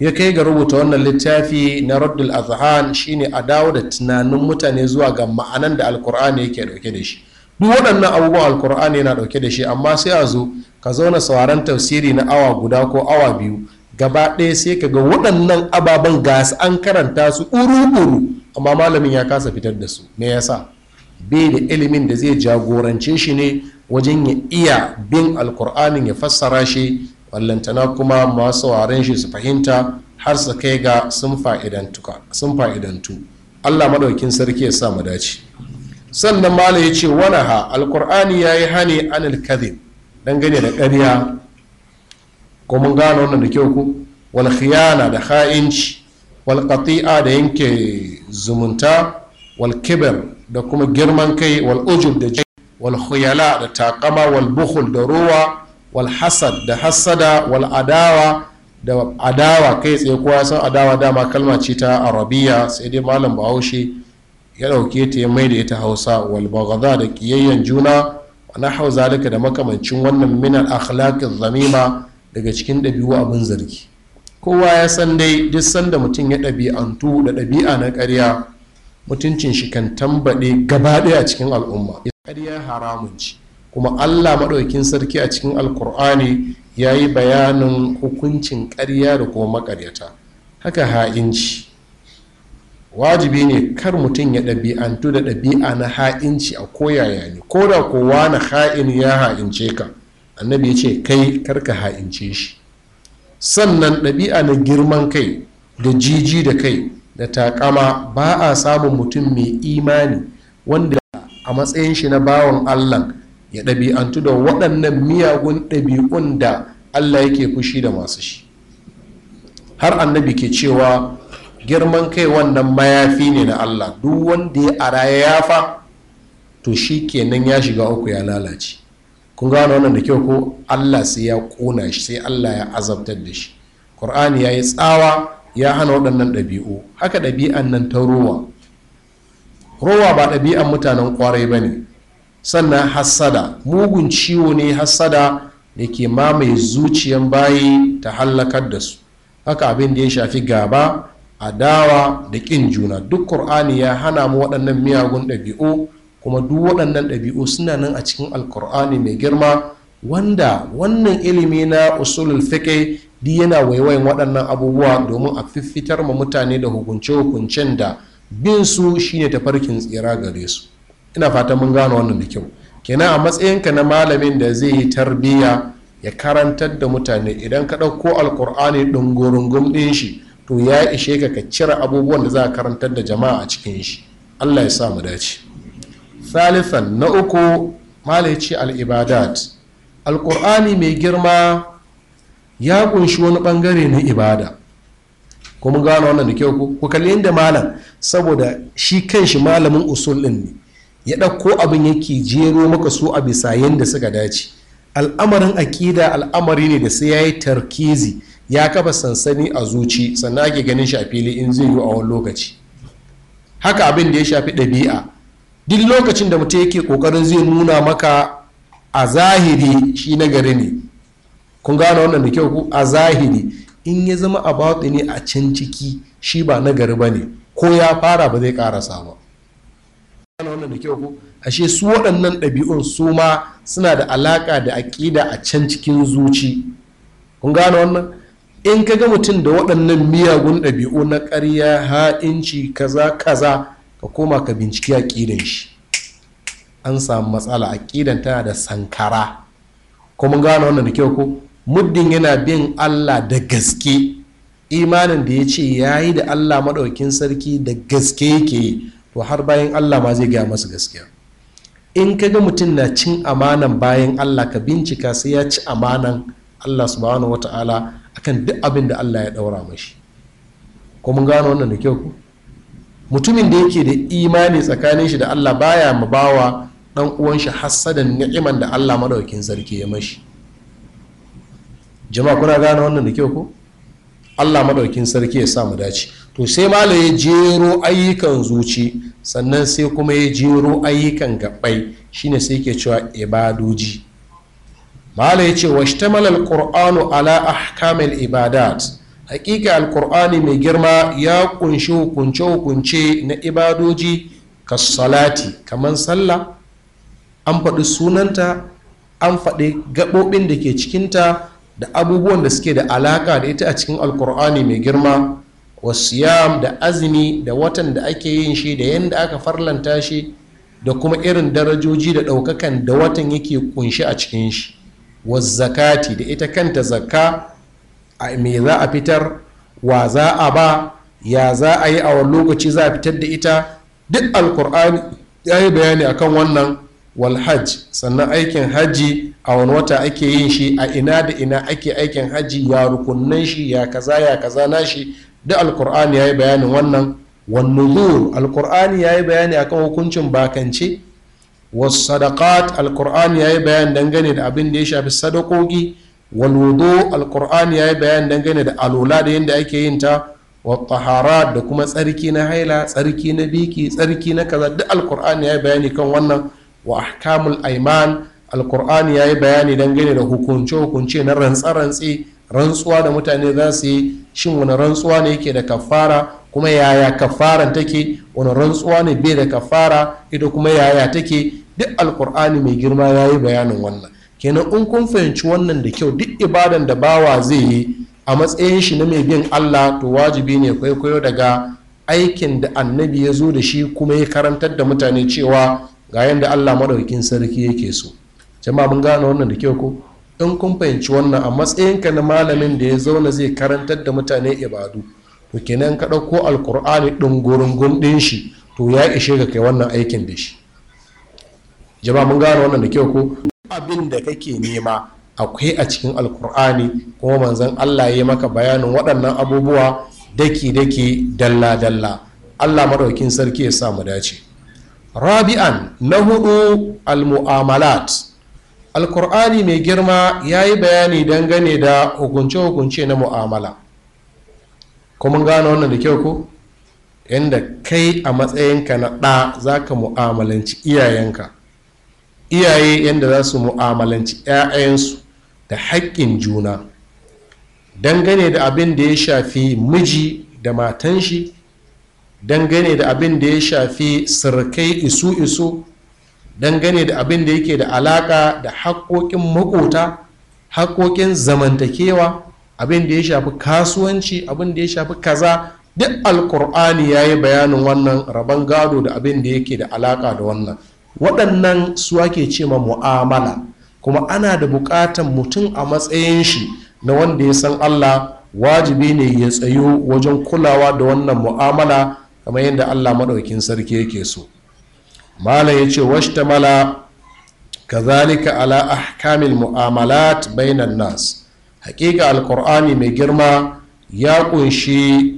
Speaker 1: ya kai ga rubuta wannan littafi na raddul azhan shine a dawo da tunanin mutane zuwa ga ma'anan da alkur'ani yake dauke da shi duk waɗannan abubuwan alkur'ani yana dauke da shi amma sai a zo ka zauna sauraron tafsiri na awa guda ko awa biyu gaba ɗaya sai ka ga waɗannan ababen gas an karanta su uru-uru amma malamin ya kasa fitar da su me yasa bai da ilimin da zai jagorance shi ne wajen ya iya bin alkur'anin ya fassara shi ballantana kuma masu waren shi su fahimta har su kai ga sun fa'idantu allah maɗaukin sarki ya sa mu dace sannan mala ya ce wani ha alkur'ani ya yi hane anil Don dangane da ƙarya ko mun gane wannan da kyau ku wal khiyana da ha'inci wal qati'a da yanke zumunta wal kibir da kuma girman kai wal ujub da wal khuyala da takama wal bukhul da ruwa Walhassan da hassada, wal'adawa da adawa kai tsaye kowa san adawa dama kalma ce ta arabiya sai dai malam bahaushe ya ɗauke ta ya mai da ita hausa wal da kiyayyen juna na hau zalika da makamancin wannan minan akhlaqin zamima daga cikin ɗabi'u abin zargi kowa ya san dai duk sanda mutum ya ɗabi'antu da ɗabi'a na ƙarya mutuncin shi kan tambaɗe gaba ɗaya a cikin al'umma ƙarya haramun ce kuma allah maɗaukin sarki a cikin alkur'ani ya yi bayanin hukuncin ƙarya da kuma maƙaryata haka ha'inci wajibi ne kar mutum ya ɗabi'antu da ɗabi'a na ha'inci a koyaya ne ko da kowa na ha'in ya ha'ince ka annabi ya ce kai kar ka ha'ince shi sannan ɗabi'a na girman kai da jiji da kai da takama ba a samun mutum mai imani wanda a matsayin shi na bawan allah ya ɗabi'antu da waɗannan miyagun ɗabi'un da allah yake fushi da masu shi har annabi ke cewa girman kai wannan mayafi ne na allah duk wanda ya ara ya yafa to shi kenan ya shiga uku ya lalace kun gano wannan da kyau ko allah sai ya ƙona shi sai allah ya azabtar da shi ƙur'ani ya yi tsawa ya hana waɗannan ɗabi'u haka ɗabi'an nan ta rowa rowa ba ɗabi'an mutanen ƙwarai ba ne sannan hassada mugun ciwo ne hassada da ke mamaye zuciyan bayi ta hallakar da su haka abin da ya shafi gaba adawa da ƙin juna duk ƙur'ani ya hana mu waɗannan miyagun ɗabi'u kuma duk waɗannan ɗabi'u suna nan a cikin alkur'ani mai girma wanda wannan ilimi na usulul fiƙe di yana waiwayin waɗannan abubuwa domin a fiffitar ma mutane da hukunce-hukuncen da bin su shine tafarkin tsira gare su ina fatan mun gano wannan da kyau kenan a matsayinka na malamin da zai yi tarbiyya ya karantar da mutane idan ka ɗauko alkur'ani gurin ɗin shi to ya ishe ka ka cire abubuwan da za a karantar da jama'a a cikin shi allah ya sa mu dace salisan na uku malici al'ibadat alkur'ani mai girma ya kunshi wani bangare na ibada kuma gano wannan da kyau ku kalli inda malam saboda shi kanshi malamin usul ɗin ne ya ɗauko abin yake jero maka su a bisa yadda suka dace al'amarin aƙida al'amari ne da sai ya yi tarkizi ya kafa sansani a zuci sannan ake ganin shi a fili in zai yi a wani lokaci haka abin da ya shafi ɗabi'a duk lokacin da mutum yake ƙoƙarin zai nuna maka a zahiri shi na gari ne kun gane wannan da kyau ku a zahiri in ya zama a ne a can ciki shi ba na gari ba ne ko ya fara ba zai ƙara ba gane wannan da kyau ko ashe su waɗannan ɗabi'un su ma suna da alaƙa da aƙida a can cikin zuci kun gane wannan in ka ga mutum da waɗannan miyagun ɗabi'u na ƙarya ha'inci kaza kaza ka koma ka binciki aƙidan shi an samu matsala aƙidan tana da sankara kuma gane wannan da kyau ko muddin yana bin allah da gaske imanin da ya ce ya yi da allah maɗaukin sarki da gaske yake yi to har bayan allah ma zai gaya masa gaskiya in ka ga mutum na cin amanan bayan allah ka bincika sai ya ci amanan allah subhanahu wa ta'ala akan duk abin da allah ya daura mashi ko mun gano wannan da kyau ku mutumin da yake da imani tsakanin shi da allah baya ma bawa dan uwan shi hassadan ni'iman da allah madaukin sarki ya mashi jama'a kuna gano wannan da kyau ku allah madaukin sarki ya sa mu dace to sai malam ya jero ayyukan zuci sannan sai kuma ya jero ayyukan gabbai shine sai ke cewa ibadoji malam ya ce washtamal alqur'anu ala ahkamil ibadat hakika Alƙur'ani mai girma ya ƙunshi hukunce hukunce na ibadoji salati kamar sallah an faɗi sunanta an faɗi gaɓoɓin da ke cikinta da abubuwan da suke da alaƙa da ita a cikin alkur'ani mai girma wasiyam da azumi da watan da ake yin shi da yadda aka farlanta shi da kuma irin darajoji da ɗaukakan da watan yake kunshi a cikin shi zakati da ita kanta zakka me za a fitar wa za a ba ya za a yi a wani lokaci za a fitar da ita duk alkur'ani ya yi bayani akan wannan walhaj sannan aikin hajji a wani wata ake yin shi a ina da ina ake aikin hajji ya rukunnan shi ya kaza ya kaza na shi Da alkur'ani ya yi bayanin wannan wannuzur alkur'ani ya yi bayani akan hukuncin bakance wasu sadakat alkur'ani ya yi bayani dangane da abin da ya shafi sadakogi walwudu alkur'ani ya yi bayani dangane da alola da yadda ake yin ta wattaharat da kuma tsarki na haila tsarki na biki tsarki na kaza duk alkur'ani ya yi bayani kan wannan wa ahkamul aiman alkur'ani ya yi bayani dangane da hukunce hukunce na rantsa-rantsi rantsuwa da mutane za su yi shin wani rantsuwa ne yake da kafara kuma yaya kafaran take wani rantsuwa ne bai da kafara ita kuma yaya take duk alkur'ani mai girma ya yi bayanin wannan kenan in kun fahimci wannan da kyau duk ibadan da bawa zai yi a matsayin shi na mai bin allah to wajibi ne kwaikwayo daga aikin da annabi ya zo da shi kuma ya karantar da mutane cewa ga yadda allah maɗaukin sarki yake so jama'a mun gane wannan da kyau ko in kun fahimci wannan a matsayinka na malamin da ya zauna zai karantar da mutane ibadu to kenan ka ɗauko alkur'ani ɗin gurungun ɗin shi to ya ishe ka kai wannan aikin da shi jama mun gane wannan da kyau ko abin da kake nema akwai a cikin alkur'ani kuma manzon allah ya maka bayanin waɗannan abubuwa daki daki dalla dalla allah maɗaukin sarki ya sa mu dace rabi'an na hudu almu'amalat alkur'ani mai girma ya yi bayani dangane da hukunce-hukunce na mu'amala kuma gano wannan da kyau ko yadda kai a matsayinka na ɗa za ka mu'amalanci iyayenka iyaye yadda za su mu'amalanci 'ya'yansu da haƙƙin juna dangane da abin da ya shafi miji da matan shi dangane da abin da ya shafi sirkai isu-isu dangane da abin da yake da alaka da haƙoƙin makota haƙoƙin zamantakewa abin da ya shafi kasuwanci abin da ya shafi kaza duk alkur'ani ya yi bayanin wannan rabon gado da abin da yake da alaka da wannan waɗannan su ake ce ma mu'amala kuma ana da buƙatan mutum a matsayin shi na wanda ya san allah wajibi ne ya tsayo wajen kulawa da wannan mu'amala kamar yadda allah maɗaukin sarki yake so malam ya ce washtamala kazalika ala ahkamil mu'amalat bainan nas hakika alkur'ani mai girma ya ƙunshi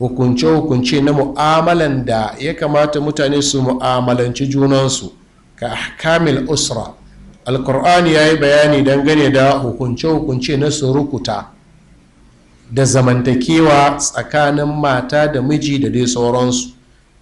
Speaker 1: hukunce-hukunce na mu'amalan da ya kamata mutane su mu'amalanci junansu ka ahkamil usra alkur'ani ya yi bayani dangane da hukunce-hukunce na surukuta da zamantakewa tsakanin mata da miji da dai sauransu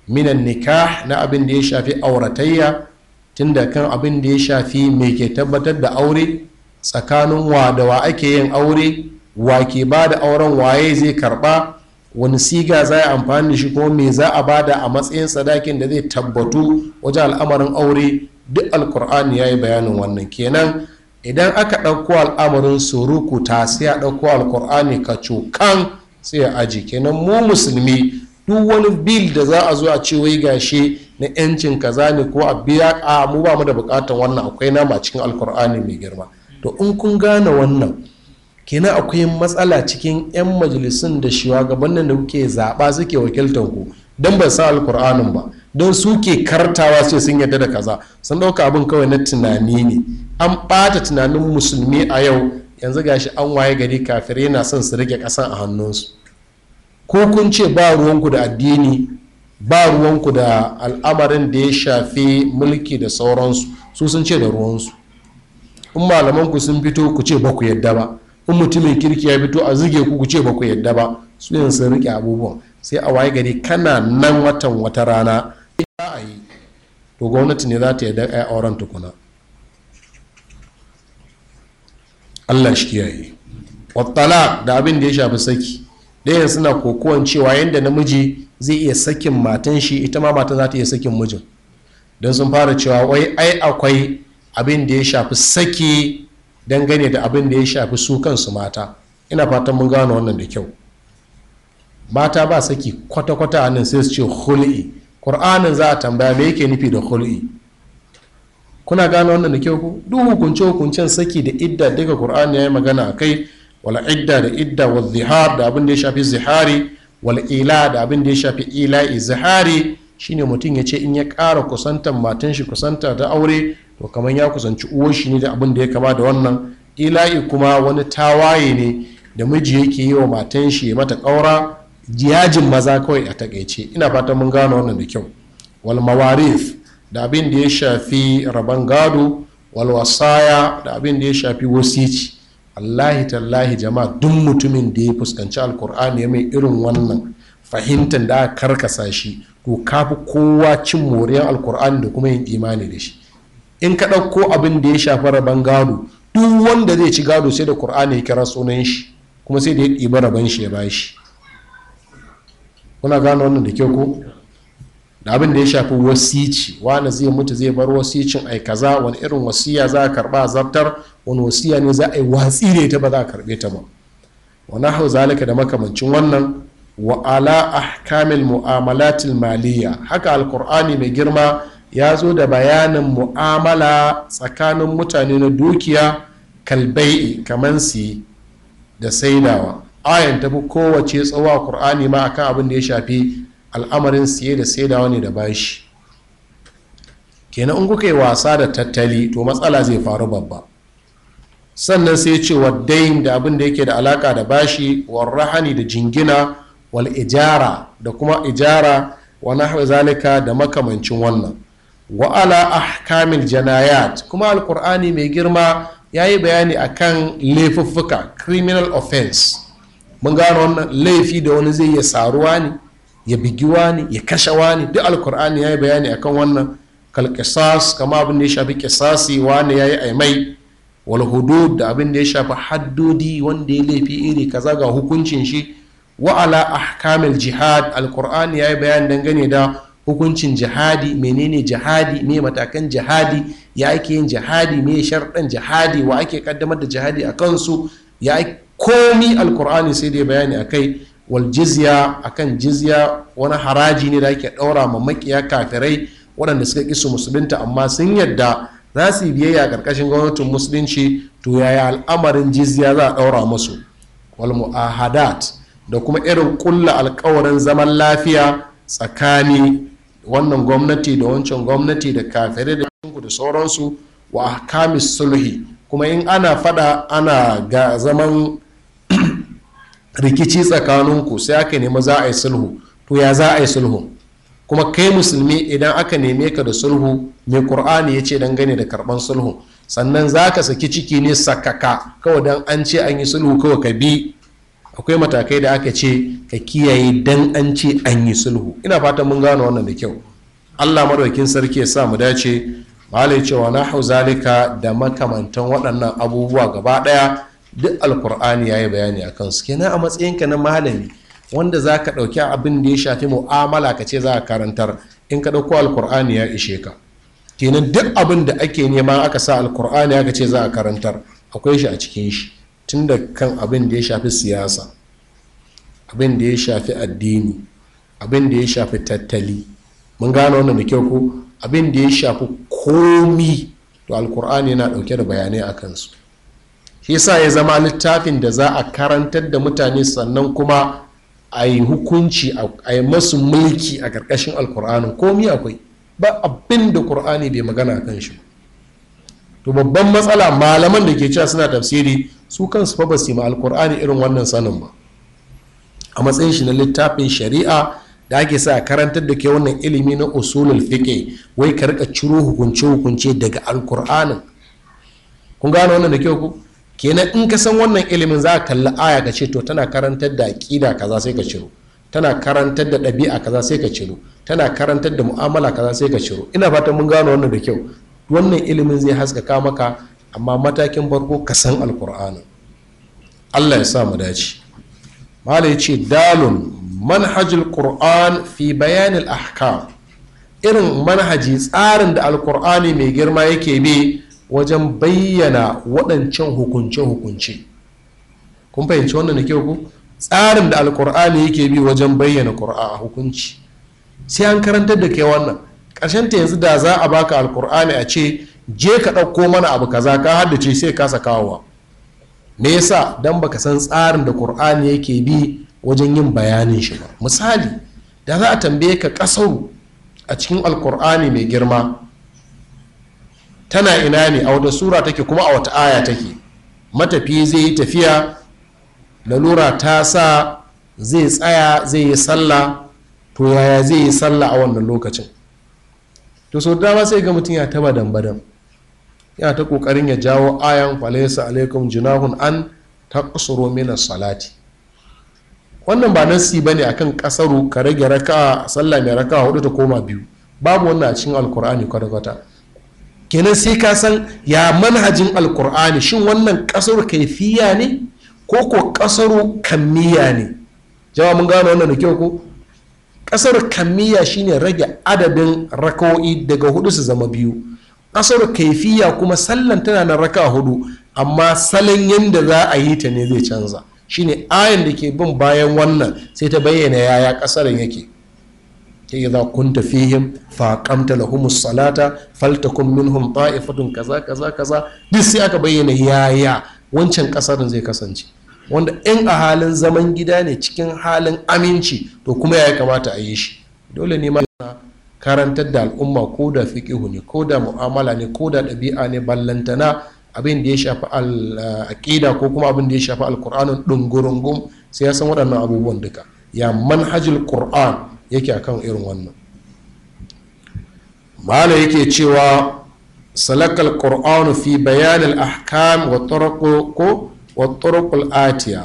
Speaker 1: minan nikah na abin da ya shafi auratayya tunda kan abin da ya shafi me ke tabbatar da aure tsakanin wa da wa ake yin aure wa ke ba da auren waye zai karba wani siga za a amfani da shi ko me za a bada a matsayin sadakin da zai tabbatu wajen al'amarin aure duk alkur'ani ya yi bayanin wannan kenan idan aka ɗauko al'amarin suruku ta sai a ɗauko alkur'ani ka cokan sai a aji kenan mu musulmi duk wani bil da za a zo a ce wai gashi na yancin kaza ne ko a biya a mu ba mu da bukatan wannan akwai nama cikin alkur'ani mai girma to in kun gane wannan kina akwai matsala cikin 'yan majalisun da shugabannin da kuke zaɓa suke wakiltar ku don ba sa alkur'anin ba don suke kartawa sai sun yadda da kaza sun ɗauka abin kawai na tunani ne an ɓata tunanin musulmi a yau yanzu gashi an waye gari kafirai na son su rike ƙasan a hannunsu ko kun ce ba ruwanku da addini ba ruwanku da al'amarin da ya shafi mulki da sauransu su sun ce da ruwansu in malamanku sun fito ku ce ba ku yadda ba in mutumin kirki ya fito a zige ku ku ce ba ku yadda ba su yin sun rike abubuwan sai a waye gari kana nan watan wata rana za a yi to gwamnati ne za ta yadda a auren tukuna allah shi kiyaye wattala da abin da ya shafi saki ɗayan suna kokowan cewa yadda namiji zai iya sakin matan shi ita ma mata za ta iya sakin mijin don sun fara cewa wai ai akwai abin da ya shafi saki dangane da abin da ya shafi su kansu mata ina fatan mun gano wannan da kyau mata ba saki kwata-kwata a nan sai su ce hul'i ƙur'anin za a tambaya me yake nufi da hul'i kuna gano wannan da kyau ku duk hukunce hukuncen saki da idda daga ƙur'ani ya yi magana a kai wala da idda wa zihar da abin da ya shafi zihari wal ila da abin da ya shafi ila'i zihari shine mutum ya ce in ya ƙara kusantar matan shi kusanta ta aure to kamar ya kusanci uwar shi ne da abin da ya kama da wannan ila'i kuma wani tawaye ne da miji yake yi wa matan shi ya mata ƙaura yajin maza kawai a takaice ina fatan mun gano wannan da kyau wal mawarif da abin da ya shafi raban gado wal wasaya da abin da ya shafi wasici Allahi tallahi jama'a duk mutumin da ya fuskanci alkur'ani ya mai irin wannan fahimtar da aka karkasa shi to kafi kowa cin moriyar alkur'ani da kuma yin imani da shi in ka ɗauko abin da ya shafi rabon gado duk wanda zai ci gado sai da kur'ani ya kira sunan shi kuma sai da ya ɗiba rabon shi ya bashi kuna gano wannan da kyau ko da abin da ya shafi wasici wani zai mutu zai bar wasicin ai kaza wani irin wasiya za a karba zartar wani wasiya ne za a yi watsi da ta ba za a karbe ta ba wani hau zalika da makamancin wannan wa ala ahkamil mu'amalatil Maliyya. haka alkur'ani mai girma ya zo da bayanin mu'amala tsakanin mutane na dukiya kalbai kamar si da saidawa ayan tafi kowace tsawo a kur'ani ma akan abin da ya shafi al'amarin siye da saida ne da bashi kenan in kuka yi wasa da tattali to matsala zai faru babba sannan sai ce wa dain da abin da yake da alaka da bashi rahani da jingina wal ijara da kuma ijara wa nahwa zalika da makamancin wannan wa ala ahkamil janayat kuma alkur'ani mai girma ya yi bayani akan laifuffuka criminal offense mun gano wannan laifi da wani zai iya saruwa ne ya bigi wani ya kashe wani duk alkur'ani ya yi bayani akan wannan kalkisas kama abin da ya shafi kisasi wani ya yi aimai wal hudud da abin da ya shafi haddodi wanda ya laifi iri kaza ga hukuncin shi wa ala ahkamil jihad alkur'ani ya yi bayani dangane da hukuncin jihadi menene jihadi me matakan jihadi ya ake yin jihadi me sharɗan jihadi wa ake kaddamar da jihadi a kansu ya komi alkur'ani sai dai bayani a kai wal jizya akan jizya wani haraji ne da ake ɗaura ma makiya kafirai waɗanda suka ƙi su musulunta amma sun yadda za su yi biyayya ƙarƙashin gwamnatin musulunci to yaya al'amarin jizya za a ɗaura musu wal mu'ahadat da kuma irin ƙulla alkawarin zaman lafiya tsakani wannan gwamnati da wancan gwamnati da kafirai da da sauransu wa ahkamis sulhi kuma in ana fada ana ga zaman rikici tsakaninku sai aka nemi za a yi sulhu to ya za a yi sulhu kuma kai musulmi idan aka neme ka da sulhu mai qur'ani ya ce dangane da karban sulhu sannan za ka saki ciki ne sakaka kawai dan an ce an yi sulhu kawai ka bi akwai matakai da aka ce ka kiyaye dan an ce an yi sulhu ina fatan mun gano wannan da kyau allah madaukin sarki ya sa mu dace malai cewa na hau zalika da makamantan waɗannan abubuwa gaba ɗaya duk alkur'ani ya yi bayani a kansu kenan a matsayinka na malami wanda za ka ɗauki abin da ya shafi mu'amala ka ce za a karantar in ka ɗauko alkur'ani ya ishe ka kenan duk abin da ake nema aka sa alkur'ani aka ce za a karantar akwai shi a cikin shi tun da kan abin da ya shafi siyasa abin da ya shafi addini abin da ya shafi tattali mun gano wannan da kyau ko abin da ya shafi komi to alkur'ani yana ɗauke da bayanai a kansu shi sa ya zama littafin da za a karantar da mutane sannan kuma a yi hukunci a yi masu mulki a ƙarƙashin alkur'ani komi akwai ba abin da ƙur'ani bai magana kan shi to babban matsala malaman da ke cewa suna tafsiri su kansu fa ba su ma alkur'ani irin wannan sanin ba a matsayin shi na littafin shari'a da ake sa karantar da ke wannan ilimi na usulul fiqh wai ka riƙa ciro hukunce hukunce daga alkur'anin kun gane wannan da kyau ko? kenan in ka san wannan ilimin za ka kalli aya ka ce to tana karantar da aƙida kaza sai ka ciro tana karantar da ɗabi'a kaza sai ka ciro tana karantar da mu'amala kaza sai ka ciro ina fatan mun gano wannan da kyau wannan ilimin zai haskaka maka amma matakin farko ka san alkur'anin allah ya sa mu dace malai ce dalun manhajul qur'an fi bayanil ahkam irin manhaji tsarin da alkur'ani mai girma yake bi wajen bayyana waɗancan hukunce-hukunce kun fahimci wannan da kyau ku tsarin da alkur'ani yake bi wajen bayyana a hukunci sai an karantar da kai wannan ƙarshen ta yanzu da za a baka alkur'ani a ce je ka ɗauko mana abu kaza ka haddace sai kasa kawowa me yasa dan baka san tsarin da ƙur'ani yake bi wajen yin bayanin shi ba misali da za a tambaye ka ƙasaru a cikin alkur'ani mai girma tana ina ne a wata sura take kuma a wata aya take matafi zai yi tafiya lalura ta sa zai tsaya zai yi sallah to yaya zai yi sallah a wannan lokacin to so dama sai ga mutum ya taba dambadan yana ta kokarin ya jawo ayan falaisa alaikum junahun an ta kusuro mina salati wannan ba nasi ba ne kan kasaru ka rage raka sallah mai raka hudu ta koma biyu babu wannan a cikin alkur'ani kwata-kwata kenan sai ka san ya manhajin alkur'ani shin wannan kasar kaifiya ne ko ko kasar kammiya ne jawa mun gano wannan da kyau ko kasar kammiya shine rage adadin rakoi daga hudu su zama biyu kasar kaifiya kuma sallan tana na raka hudu amma salon yadda za a yi ta ne zai canza shine ayan da ke bin bayan wannan sai ta bayyana yaya kasarin yake kun kunta fihim fa aqamta lahumus salata faltakum minhum ta'ifatun kaza kaza kaza duk sai aka bayyana yaya wancan ƙasar zai kasance wanda in a halin zaman gida ne cikin halin aminci to kuma ya kamata a yi shi dole ne ma karantar da al'umma ko da fiqihu ne ko da mu'amala ne ko da ɗabi'a ne ballantana abin da ya shafi al'aƙida ko kuma abin da ya shafi alqur'anin dungurungum sai ya san waɗannan abubuwan duka ya manhajul ƙur'an yake akan irin wannan mala yake cewa salakal qur'anu fi bayan al-ahkam wa ko wa atiya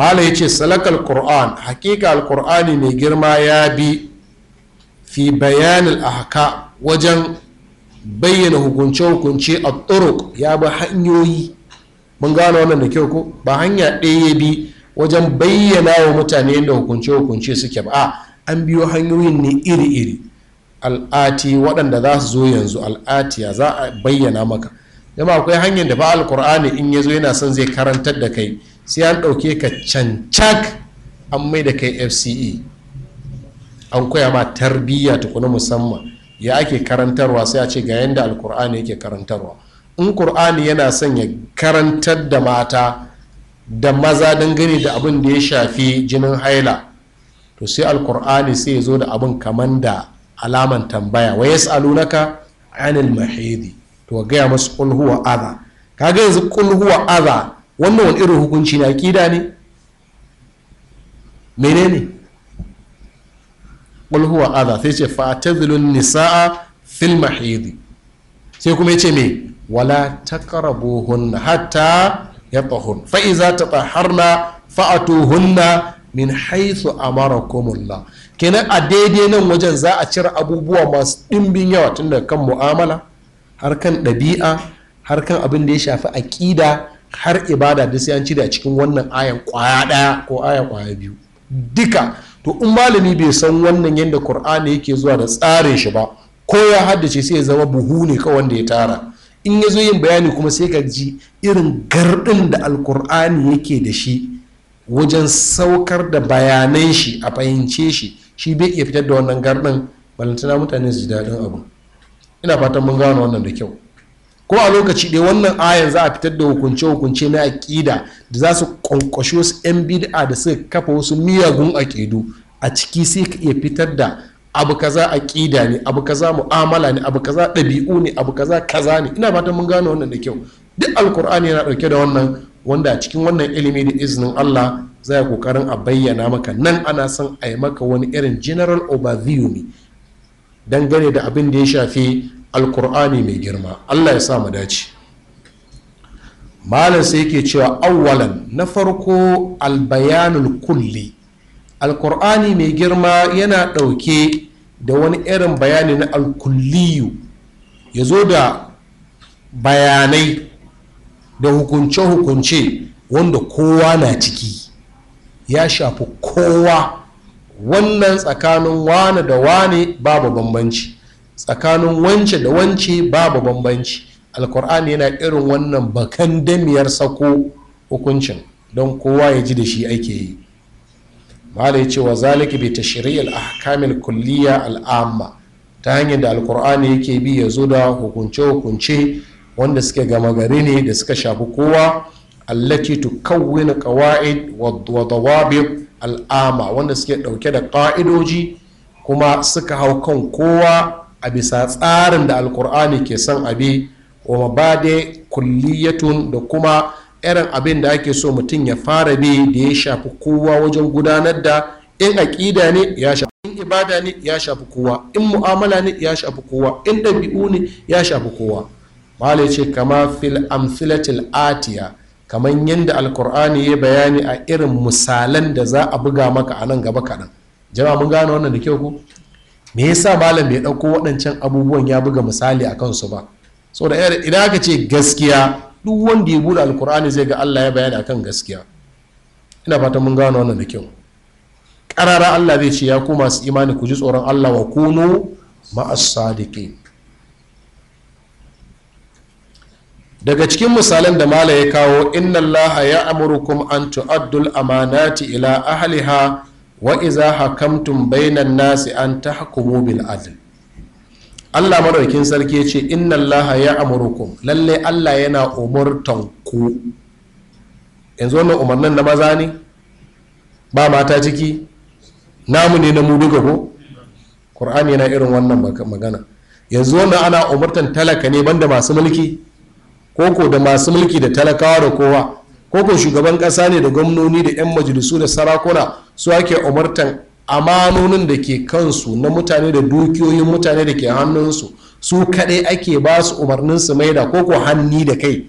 Speaker 1: mala yace salakal qur'an hakika al mai girma ya bi fi bayan ahka wajen bayyana hukunce-hukunce a turuq ya bi hanyoyi mun gano wannan da kyau ko ba hanya ɗaya bi wajen bayyana wa mutane da hukunce-hukunce suke ba an biyo hanyoyin ne iri-iri al'ati waɗanda za su zo yanzu al'atiya za a bayyana maka jama'a akwai hanyar da ba alkur'ani in ya zo yana son zai karantar da kai sai an ɗauke ka cancak an mai da kai fce an koya ma tarbiyya tukuna musamman ya ake karantarwa sai a ce ga yadda alkur'ani yake karantarwa in kur'ani yana son ya karantar da mata da maza dangane da abin da ya shafi jinin haila to sai alkur'ani sai ya zo da abin kaman da alaman tambaya wa naka anil mahidi to gaya masu kulhuwa Ka kaga yanzu kulhuwa aza wannan wani irin hukunci ne Mene ne menene kulhuwa aza sai ce fatazilun nisaa fil mahidi sai kuma ya ce me wala taqrabuhunna hatta yatahun fa iza tatahharna fa'atuhunna min haythu amarakumullah kenan a daidai nan wajen za a cire abubuwa masu ɗimbin yawa tun daga kan mu'amala har kan ɗabi'a har kan abin da ya shafi aƙida har ibada da sai an cire a cikin wannan ayan ƙwaya ɗaya ko ayan ƙwaya biyu duka to in malami bai san wannan yadda ƙur'ani yake zuwa da tsarin shi ba ko ya haddace sai ya zama buhu ne kawai wanda ya tara in ya zo yin bayani kuma sai ka ji irin gardin da alkur'ani yake da shi wajen saukar da bayanan shi a fahimce shi shi bai iya fitar da wannan gardin balantana mutane su ji daɗin abu ina fatan mun gano wannan da kyau ko a lokaci ɗaya wannan ayan za a fitar da hukunce-hukunce na aƙida da za su ƙwanƙwashi wasu 'yan bid'a da suka kafa wasu miyagun aƙidu a ciki sai ka iya fitar da abu kaza aqida ne abu kaza mu'amala ne abu kaza ɗabi'u ne abu kaza kaza ne ina fatan mun gane wannan da kyau duk alkur'ani yana ɗauke da wannan wanda a cikin wannan ilimi da izinin Allah za a kokarin a bayyana maka nan ana son a yi maka wani irin general overview ne dangane da abin da ya shafi alkur'ani mai girma Allah ya sa mu dace malam sai yake cewa awwalan na farko albayanul kulli alkur'ani mai girma yana ɗauke da wani irin bayani na alkulliyu ya zo da bayanai da hukunce-hukunce wanda kowa na ciki ya shafi kowa wannan tsakanin wane da wane babu bambanci tsakanin wance da wance babu bambanci alkur'ani yana irin wannan bakan damiyar sako hukuncin don kowa ya ji da shi ake yi mala ya ce wa zalika bi tashri'il ahkamil kulliya al'amma ta hanyar da alkur'ani yake bi ya zo da hukunce-hukunce wanda suke gama gari ne da suka shafi kowa allati tukawwinu qawaid wa dawabit al'ama wanda suke dauke da ka'idoji kuma suka hau kan kowa a bisa tsarin da alkur'ani ke son abi wa mabade kulliyatun da kuma irin abin da ake so mutum ya fara ne da ya shafi kowa wajen gudanar da in aƙida ne ya shafi in ibada ne ya shafi kowa in mu'amala ne ya shafi kowa in ɗabi'u ne ya shafi kowa malai ce kama fil amfilatil atiya kamar yadda alkur'ani ya bayani a irin misalan da za a buga maka a nan gaba kaɗan jama'a mun gane wannan da kyau ku me yasa malam bai ɗauko waɗancan abubuwan ya buga misali a kansu ba saboda idan aka ce gaskiya duk wanda ya bude alkur'ani zai ga allah ya bayani akan gaskiya ina fata mun gano wannan da kyau ƙarara allah zai ce ya ku masu imani ku ji tsoron allah wa kunu ma'as daga cikin misalan da mala ya kawo inna allaha ya amurukum an tu'addul amanati ila ahliha wa iza hakamtum bainan nasi an tahkumu bil adl allah madaukin sarki ce inna allah ya amurukum lalle allah yana umurtan ku yanzu wannan umarnin na maza ne ba mata ciki namu ne na mu duka ko ƙur'ani yana irin wannan magana yanzu wannan ana umurtan talaka ne banda masu mulki koko da masu mulki da talakawa da kowa koko shugaban ƙasa ne da gwamnoni da 'yan majalisu da sarakuna su ake umurtan amanonin da ke kansu na mutane da dukiyoyin mutane da ke hannunsu su kaɗai ake ba su umarnin su maida ko ko hanni da kai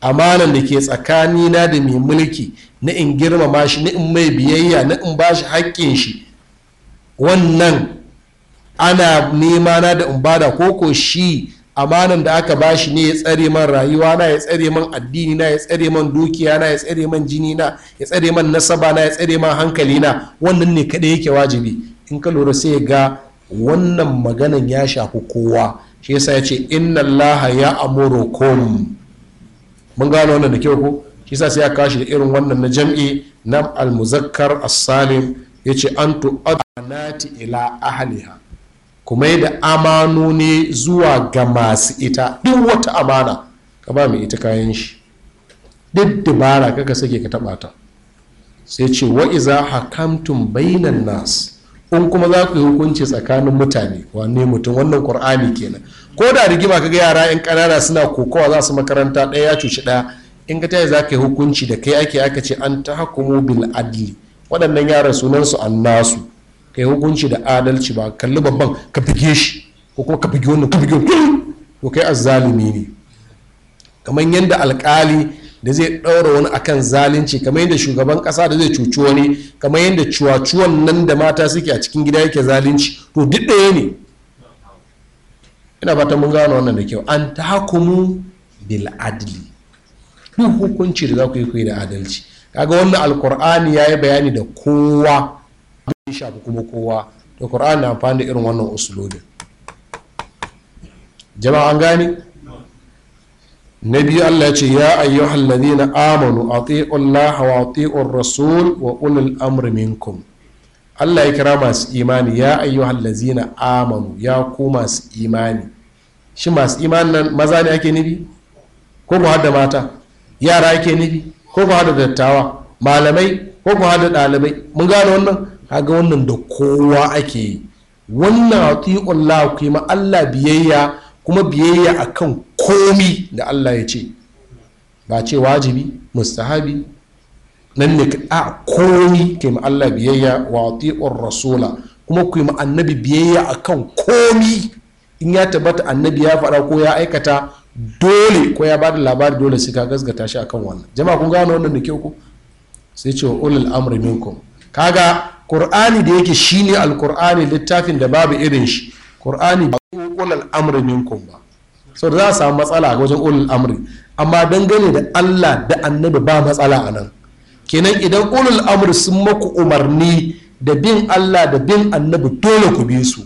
Speaker 1: amanan da ke tsakanina da mai mulki na in girmama shi na in mai biyayya na in ba shi haƙƙin shi wannan ana nema na da in bada koko shi amanan da aka bashi ne ya tsare man rayuwa na ya tsare man addini na ya tsare man dukiya na ya tsare man jini na ya tsare man nasaba na ya tsare man hankali na wannan ne kada yake wajibi in ka lura sai ga wannan maganan ya shafi kowa shi yasa ya ce inna Allah ya amurukum mun gano wannan da kyau ko shi yasa sai ya kashi da irin wannan na jam'i na al-muzakkar as-salim yace antu adanati ila ahliha kuma da ne zuwa ga masu ita duk wata amana ka ba mai ita kayan shi duk dubara kaka sake ka taɓa ta sai ce wa iza hakamtum bainan nas in kuma za ku yi hukunci tsakanin mutane wanne mutum wannan qur'ani kenan ko da rigima kaga yara yan kanana suna kokowa za su makaranta ɗaya ya cuci ɗaya in ka taya za ka yi hukunci da kai ake aka ce an ta bil adli waɗannan yaran sunansu su annasu ka yi hukunci da adalci ba kalli babban ka fige shi ko kuma ka fige wannan ka fige to kai azzalumi ne kamar yadda alkali da zai ɗaura wani akan zalunci kamar yadda shugaban ƙasa da zai cuci wani kamar yadda cuwacuwan nan da mata suke a cikin gida yake zalunci to duk ne ina fatan mun gano wannan da kyau an takumu bil adli duk hukunci da za ku yi da adalci kaga wannan alkur'ani ya yi bayani da kowa ya shafi kuma kowa da qur'ani na amfani da irin wannan usulobin jama'a an gani. na biyu allah ce ya ayyuhal ladina amanu ati'u allaha wa ati'u rasul wa ulul amri minkum allah ya kira masu imani ya ayyuhal ladina amanu ya ku masu imani shi masu imanin nan maza ne ake nufi ko ku hada mata yara ake nufi ko ku hada dattawa malamai ko ku hada ɗalibai mun gane wannan kaga wannan da kowa ake yi wannan atiqul la ku yi ma Allah biyayya kuma biyayya akan komi da Allah ya ce ba ce wajibi mustahabi nan ne a komi kai ma Allah biyayya wa atiqur rasula kuma ku yi ma annabi biyayya akan komi in ya tabbata annabi ya faɗa ko ya aikata dole ko ya ba da labari dole sai ka gasgata shi akan wannan jama'a kun gano wannan da kyau ku sai ce wa ulul amri minkum kaga ƙur'ani da yake shine alƙur'ani littafin da babu irin shi ƙur'ani ba ulul amri minkum ba so da za a samu matsala a wajen ulul amri amma dangane da Allah da annabi ba matsala anan, nan kenan idan ulul amri sun maku umarni da bin Allah da bin annabi dole ku bi su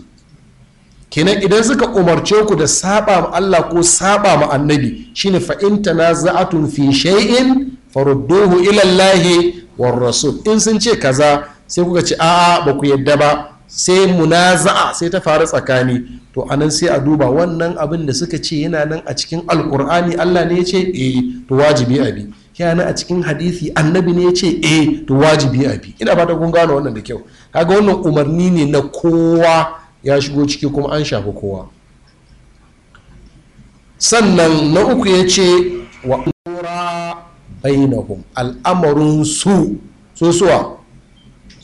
Speaker 1: kenan idan suka umarce ku da saba ma Allah ko saba ma annabi shine fa in tanaza'atun fi shay'in farudduhu ila Allah war rasul in sun ce kaza sai kuka ce a'a ba ku yadda ba sai munaza'a sai ta faru tsakani to anan sai a duba wannan abin da suka ce yana nan a cikin alkur'ani allah ne ya ce eh to wajibi a bi yana a cikin hadisi annabi ne ya ce eh to wajibi a bi ina fata kun gane wannan da kyau kaga wannan umarni ne na kowa ya shigo ciki kuma an shafi kowa sannan na uku ya ce wa bainahum al'amarin su so suwa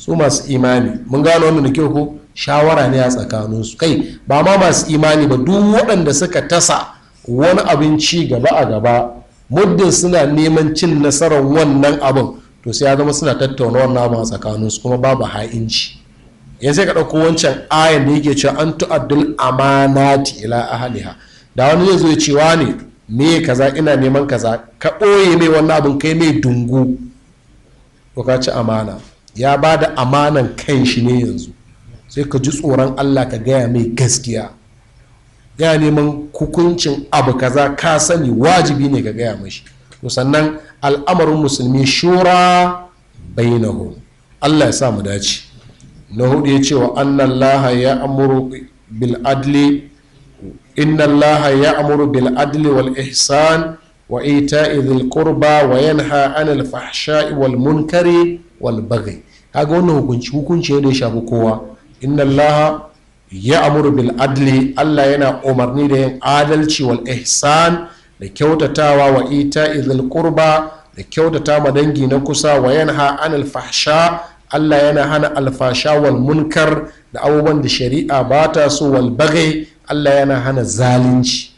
Speaker 1: su masu imani mun gano wannan da kyau ko shawara ne a tsakanin su kai ba ma masu imani ba duk waɗanda suka tasa wani abin ci gaba a gaba muddin suna neman cin nasarar wannan abin to sai ya zama suna tattauna wannan abin a tsakanin su kuma babu ha'inci yanzu ka ɗauko wancan ayan da yake cewa an tu'addul amanati ila ahliha da wani zai zo ya cewa ne me kaza ina neman kaza ka ɓoye mai wannan abin kai mai dungu ko ka ci amana ya ba da amanan kan shi ne yanzu sai ka ji tsoron allah ka gaya mai gaskiya gaya neman hukuncin abu kaza ka sani wajibi ne ka gaya mashi to sannan al'amarin musulmi shura bai na allah ya sa mu dace na hudu ya ce wa annan laha ya amuru bil adli inna laha ya amuru bil adli wal ihsan wa ita'i dhil qurba wa yanha anil fahsha'i wal munkari wal baghi kaga wannan hukunci hukunci ne da ya shafi kowa inna allaha ya amuru bil adli allah yana umarni da yin adalci wal ihsan da kyautatawa wa ita izil qurba da kyautata ma dangi na kusa wa yanha anil fahsha allah yana hana alfasha wal munkar da abubuwan da shari'a ba ta so wal bagai allah yana hana zalunci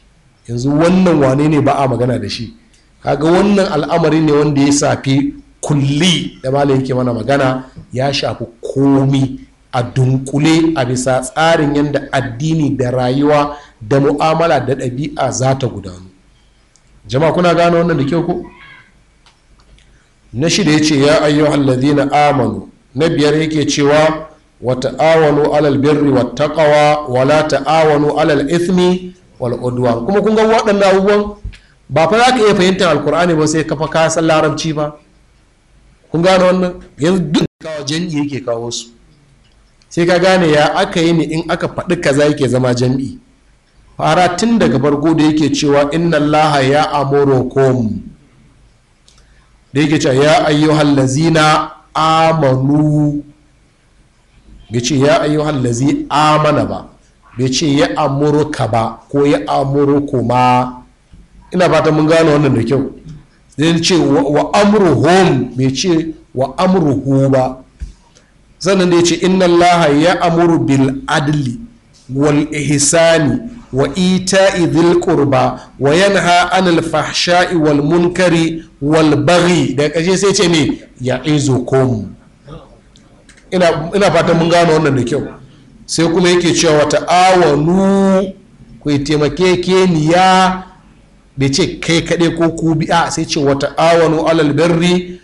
Speaker 1: yanzu wannan wane ne ba a magana da shi kaga wannan al'amari ne wanda ya safi kulli da malam yake mana magana ya shafi komi a dunkule a bisa tsarin yadda addini da rayuwa da mu'amala da ɗabi'a za ta gudanu jama'a kuna gano wannan da kyau ko na shida ya ce ya ayyuhal ladina amanu na biyar yake cewa wa ta'awanu alal birri wa taqwa wa la ta'awanu alal ithmi wal kuma kun ga waɗannan abubuwan ba fa za ka iya fahimtar alkur'ani ba sai ka fa ka san larabci ba kun gane wannan yanzu duk kawo jami'i yake kawo su sai ka gane ya aka yi ne in aka faɗi kaza yake zama jam'i fara tun daga bargo da yake cewa inna laha ya kom. da yake cewa ya hallazi na amanu Ya ce ya ayyo hallazi amana ba bai ce ya ka ba ko ya koma. ina fata mun gane wannan da kyau zai ce wa home bai ce wa amruhu ba sannan da ya ce inna allaha ya amuru bil adli wal ihsani wa ita idil ƙurba wa yanha anil fahsha'i wal munkari wal baghi da kashe sai ce ne ya ya'izukum komu ina fata mun gano wannan da kyau sai kuma yake cewa ta'awanu ku keniya bai ce kai kaɗai ko ku bi'a sai ce wata awanu alal birri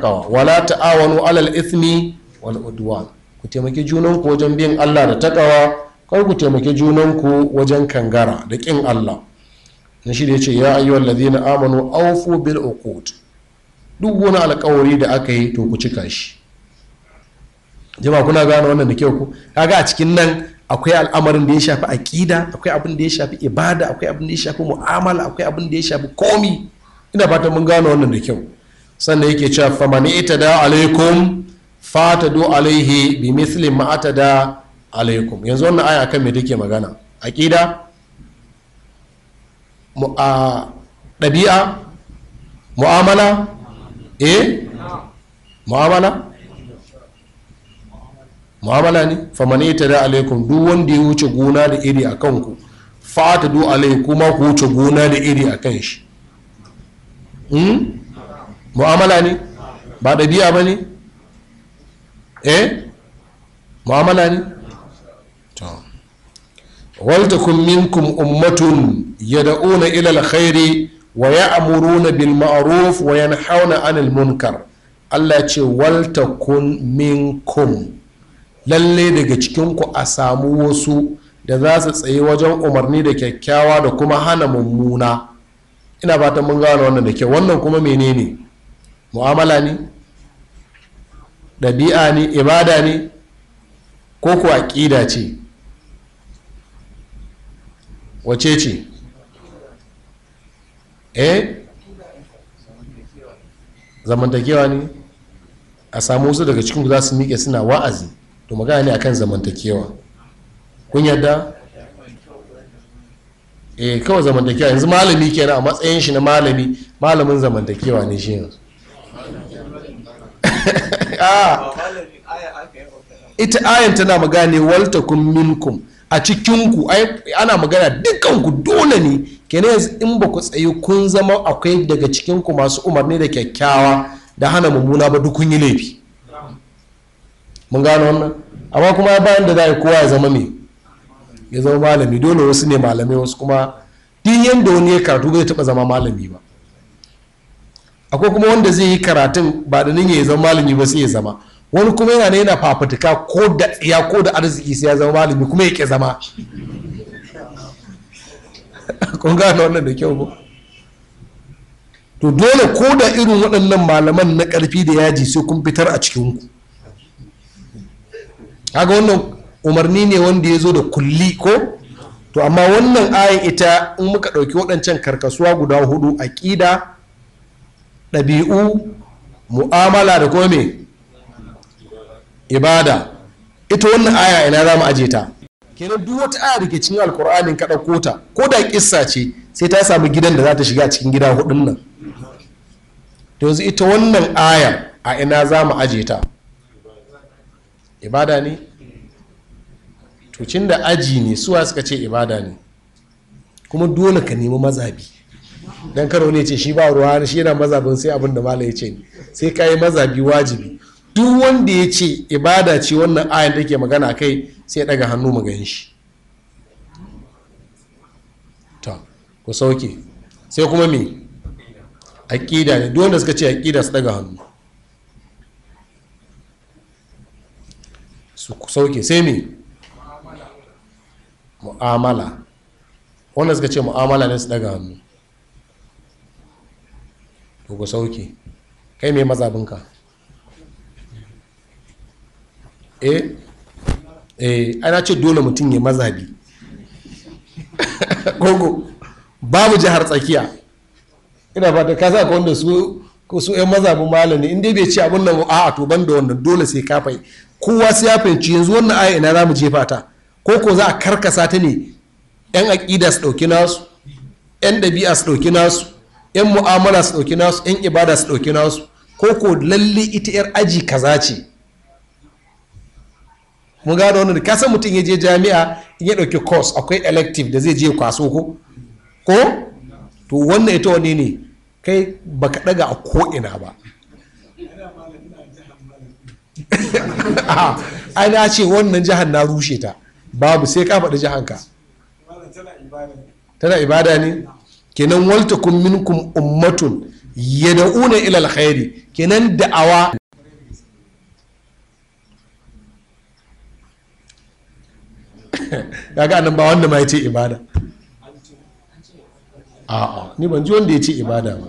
Speaker 1: kawa wala ta'awanu alal ithmi wal udwan ku taimaki junanku wajen biyan Allah da takawa kai ku taimaki junanku wajen kangara da kin Allah in shi da yace ya ayyuhal ladina amanu awfu bil uqud duk wani alkawari da aka yi to ku cika shi jama'a kuna gane wannan da kyau ku kaga a cikin nan akwai al'amarin da ya shafi aƙida akwai abin da ya shafi ibada akwai abin da ya shafi mu'amala akwai abin da ya shafi komi ina fatan mun gano wannan da kyau sannan yake cewa faman da alaikum do alaihi bi mithli ma ata da alaikum yanzu wannan aya kan me take magana aqida mu a ɗabi'a mu'amala eh mu'amala mu'amala ne famani ta da alaikum duk wanda ya wuce gona da iri a kanku fata du alai kuma ku wuce gona da iri a kan shi hmm? mu'amala ne ba da biya ba ne eh mu'amala ne waltakun minkum ummatun yad'una ila alkhairi wa ya'muruna bil ma'ruf wa yanhauna 'anil munkar Allah ce waltakun minkum lalle daga cikinku a samu wasu da za su tsaye wajen umarni da kyakkyawa da kuma hana mummuna ina fatan mun gano wannan da kyau wannan kuma menene mu'amala ne ɗabi'a ne ibada ne ko kuwa ƙida ce wace ce eh zamantakewa ne a samu wasu daga cikin za su miƙe suna wa'azi to magana ne akan zamantakewa kun yadda eh kawai zamantakewa yanzu malami kenan a matsayin shi na malami malamin zamantakewa ne shi yanzu ah! ita ayan tana magana ne waltakun minkum a cikinku ana magana dukanku dole ne kenan yanzu in ba ku tsayi kun zama akwai daga cikinku masu umarni da kyakkyawa da hana mummuna ba duk kun yi laifi mun gano wannan amma kuma bayan da za a kowa ya zama mai ya zama malami dole wasu ne malamai wasu kuma duk yadda wani ya karatu bai taɓa zama malami ba akwai kuma wanda zai yi karatun ba da nan ya zama malami ba sai ya zama wani kuma yana yana fafutuka ko da ya ko da arziki sai ya zama malami kuma ya ke zama kun gano wannan da kyau ba to dole ko da irin waɗannan malaman na ƙarfi da yaji sai kun fitar a cikinku haka wannan umarni ne wanda ya zo da kulli ko to amma wannan aya ita in muka ɗauki waɗancan karkasuwa guda hudu aƙida ɗabi'u mu'amala da kuma mai ibada ita wannan aya ina za mu aje ta kenan duk wata aya da ke cikin alkur'anin ka ɗauko ta ko da kissa ce sai ta samu gidan da za ta shiga cikin gida hudun nan yanzu ita wannan aya a ina za mu aje ta ibada ne tocin da aji ne suwa suka ce ibada ne kuma dole ka nemi mazabi don karo ne ce shi ba ruwa shi yana mazabin sai abin da mala ya ce ne sai ka yi mazabi wajibi duk wanda ya ce ibada ce wannan ayan ke magana kai sai daga hannu mu gan shi Ta, ku sauke sai kuma me aƙida ne duk wanda suka ce aƙida su daga hannu su sauke sai me mu'amala wanda suka ce mu'amala ne su daga hannu to ku sauke kai mai mazabinka e eh? e eh, ana ce dole mutum ya mazabi gogo babu jihar tsakiya ina ta kasa ga wanda su ko su yan mazabin malami in dai bai ci abin nan a'a to banda wannan dole sai ka fai kowa sai ya fahimci yanzu wannan aya ina za mu jefa ta ko ko za a karkasa ta ne yan aƙida su ɗauki nasu yan ɗabi'a su ɗauki nasu yan mu'amala su ɗauki nasu yan ibada su ɗauki nasu ko ko lalle ita yar aji kaza ce mun gano wannan ka san mutum ya je jami'a in ya ɗauki course akwai elective da zai je kwaso ko ko to wannan ita wani ne kai baka ɗaga a ko ina ba ai na ce wannan jihar na rushe ta babu sai ka faɗi ka tana ibada ne kenan walta kun minkum ummatun yad'una ilal khairi kenan da'awa ga nan ba wanda ma ya ce ibada a'a ni ban ji wanda ya ce ibada ba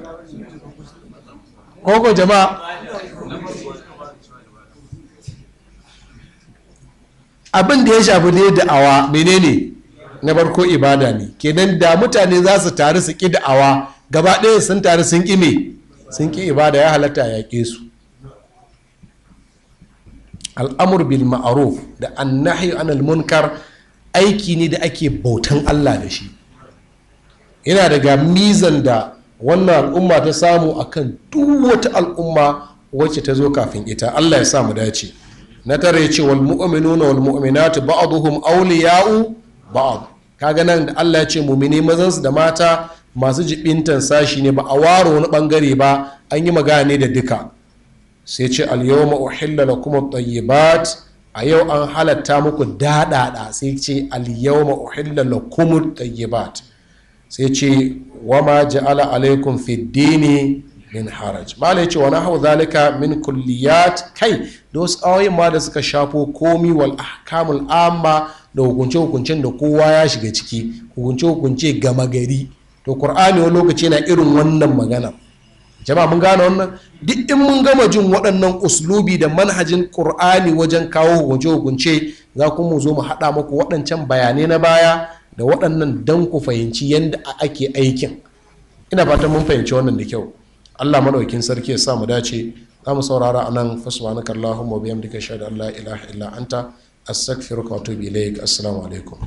Speaker 1: koko jama'a abin da ya shafi ne awa menene na barko ibada ne kenan da mutane za su taru su ƙi da'awa gaba ɗaya sun taru sun ƙi me sun ƙi ibada ya halatta ya ƙe su al'amur bil ma'aruf da annahi anil munkar aiki ne da ake bautan Allah da shi yana daga mizan da wannan al'umma ta samu akan duk wata al'umma wacce ta zo kafin ita Allah ya mu dace na tare ce wal mu'minuna wal mu'minatu ba'dhum awliya'u ba'd kaga nan da Allah ya ce mu'mini mazan su da mata masu jibintan sashi ne ba a waro wani bangare ba an yi magana ne da duka sai ce al yawma uhilla lakum at-tayyibat a yau an halatta muku daɗaɗa sai ce al yawma uhilla lakum at-tayyibat sai ce wama ja'ala alaikum fid dini min haraj malai ce wani hau zalika min kulliyat kai da wasu ayoyin ma da suka shafo komi wal ahkamul amma da hukunce hukuncen da kowa ya shiga ciki hukunce hukunce gama gari to qur'ani wani lokaci yana irin wannan magana jama'a mun gane wannan duk in mun gama jin waɗannan uslubi da manhajin qur'ani wajen kawo hukunce hukunce za ku mu zo mu haɗa muku waɗancan bayanai na baya da waɗannan dan ku fahimci yadda ake aikin ina fatan mun fahimci wannan da kyau allah maɗaukin sarki ya sa mu dace za mu saurara anan fasubhanaka allahumma wa bihamdika duka an la ilaha illa anta astaghfiruka wa atubu ilaik assalamu alaikum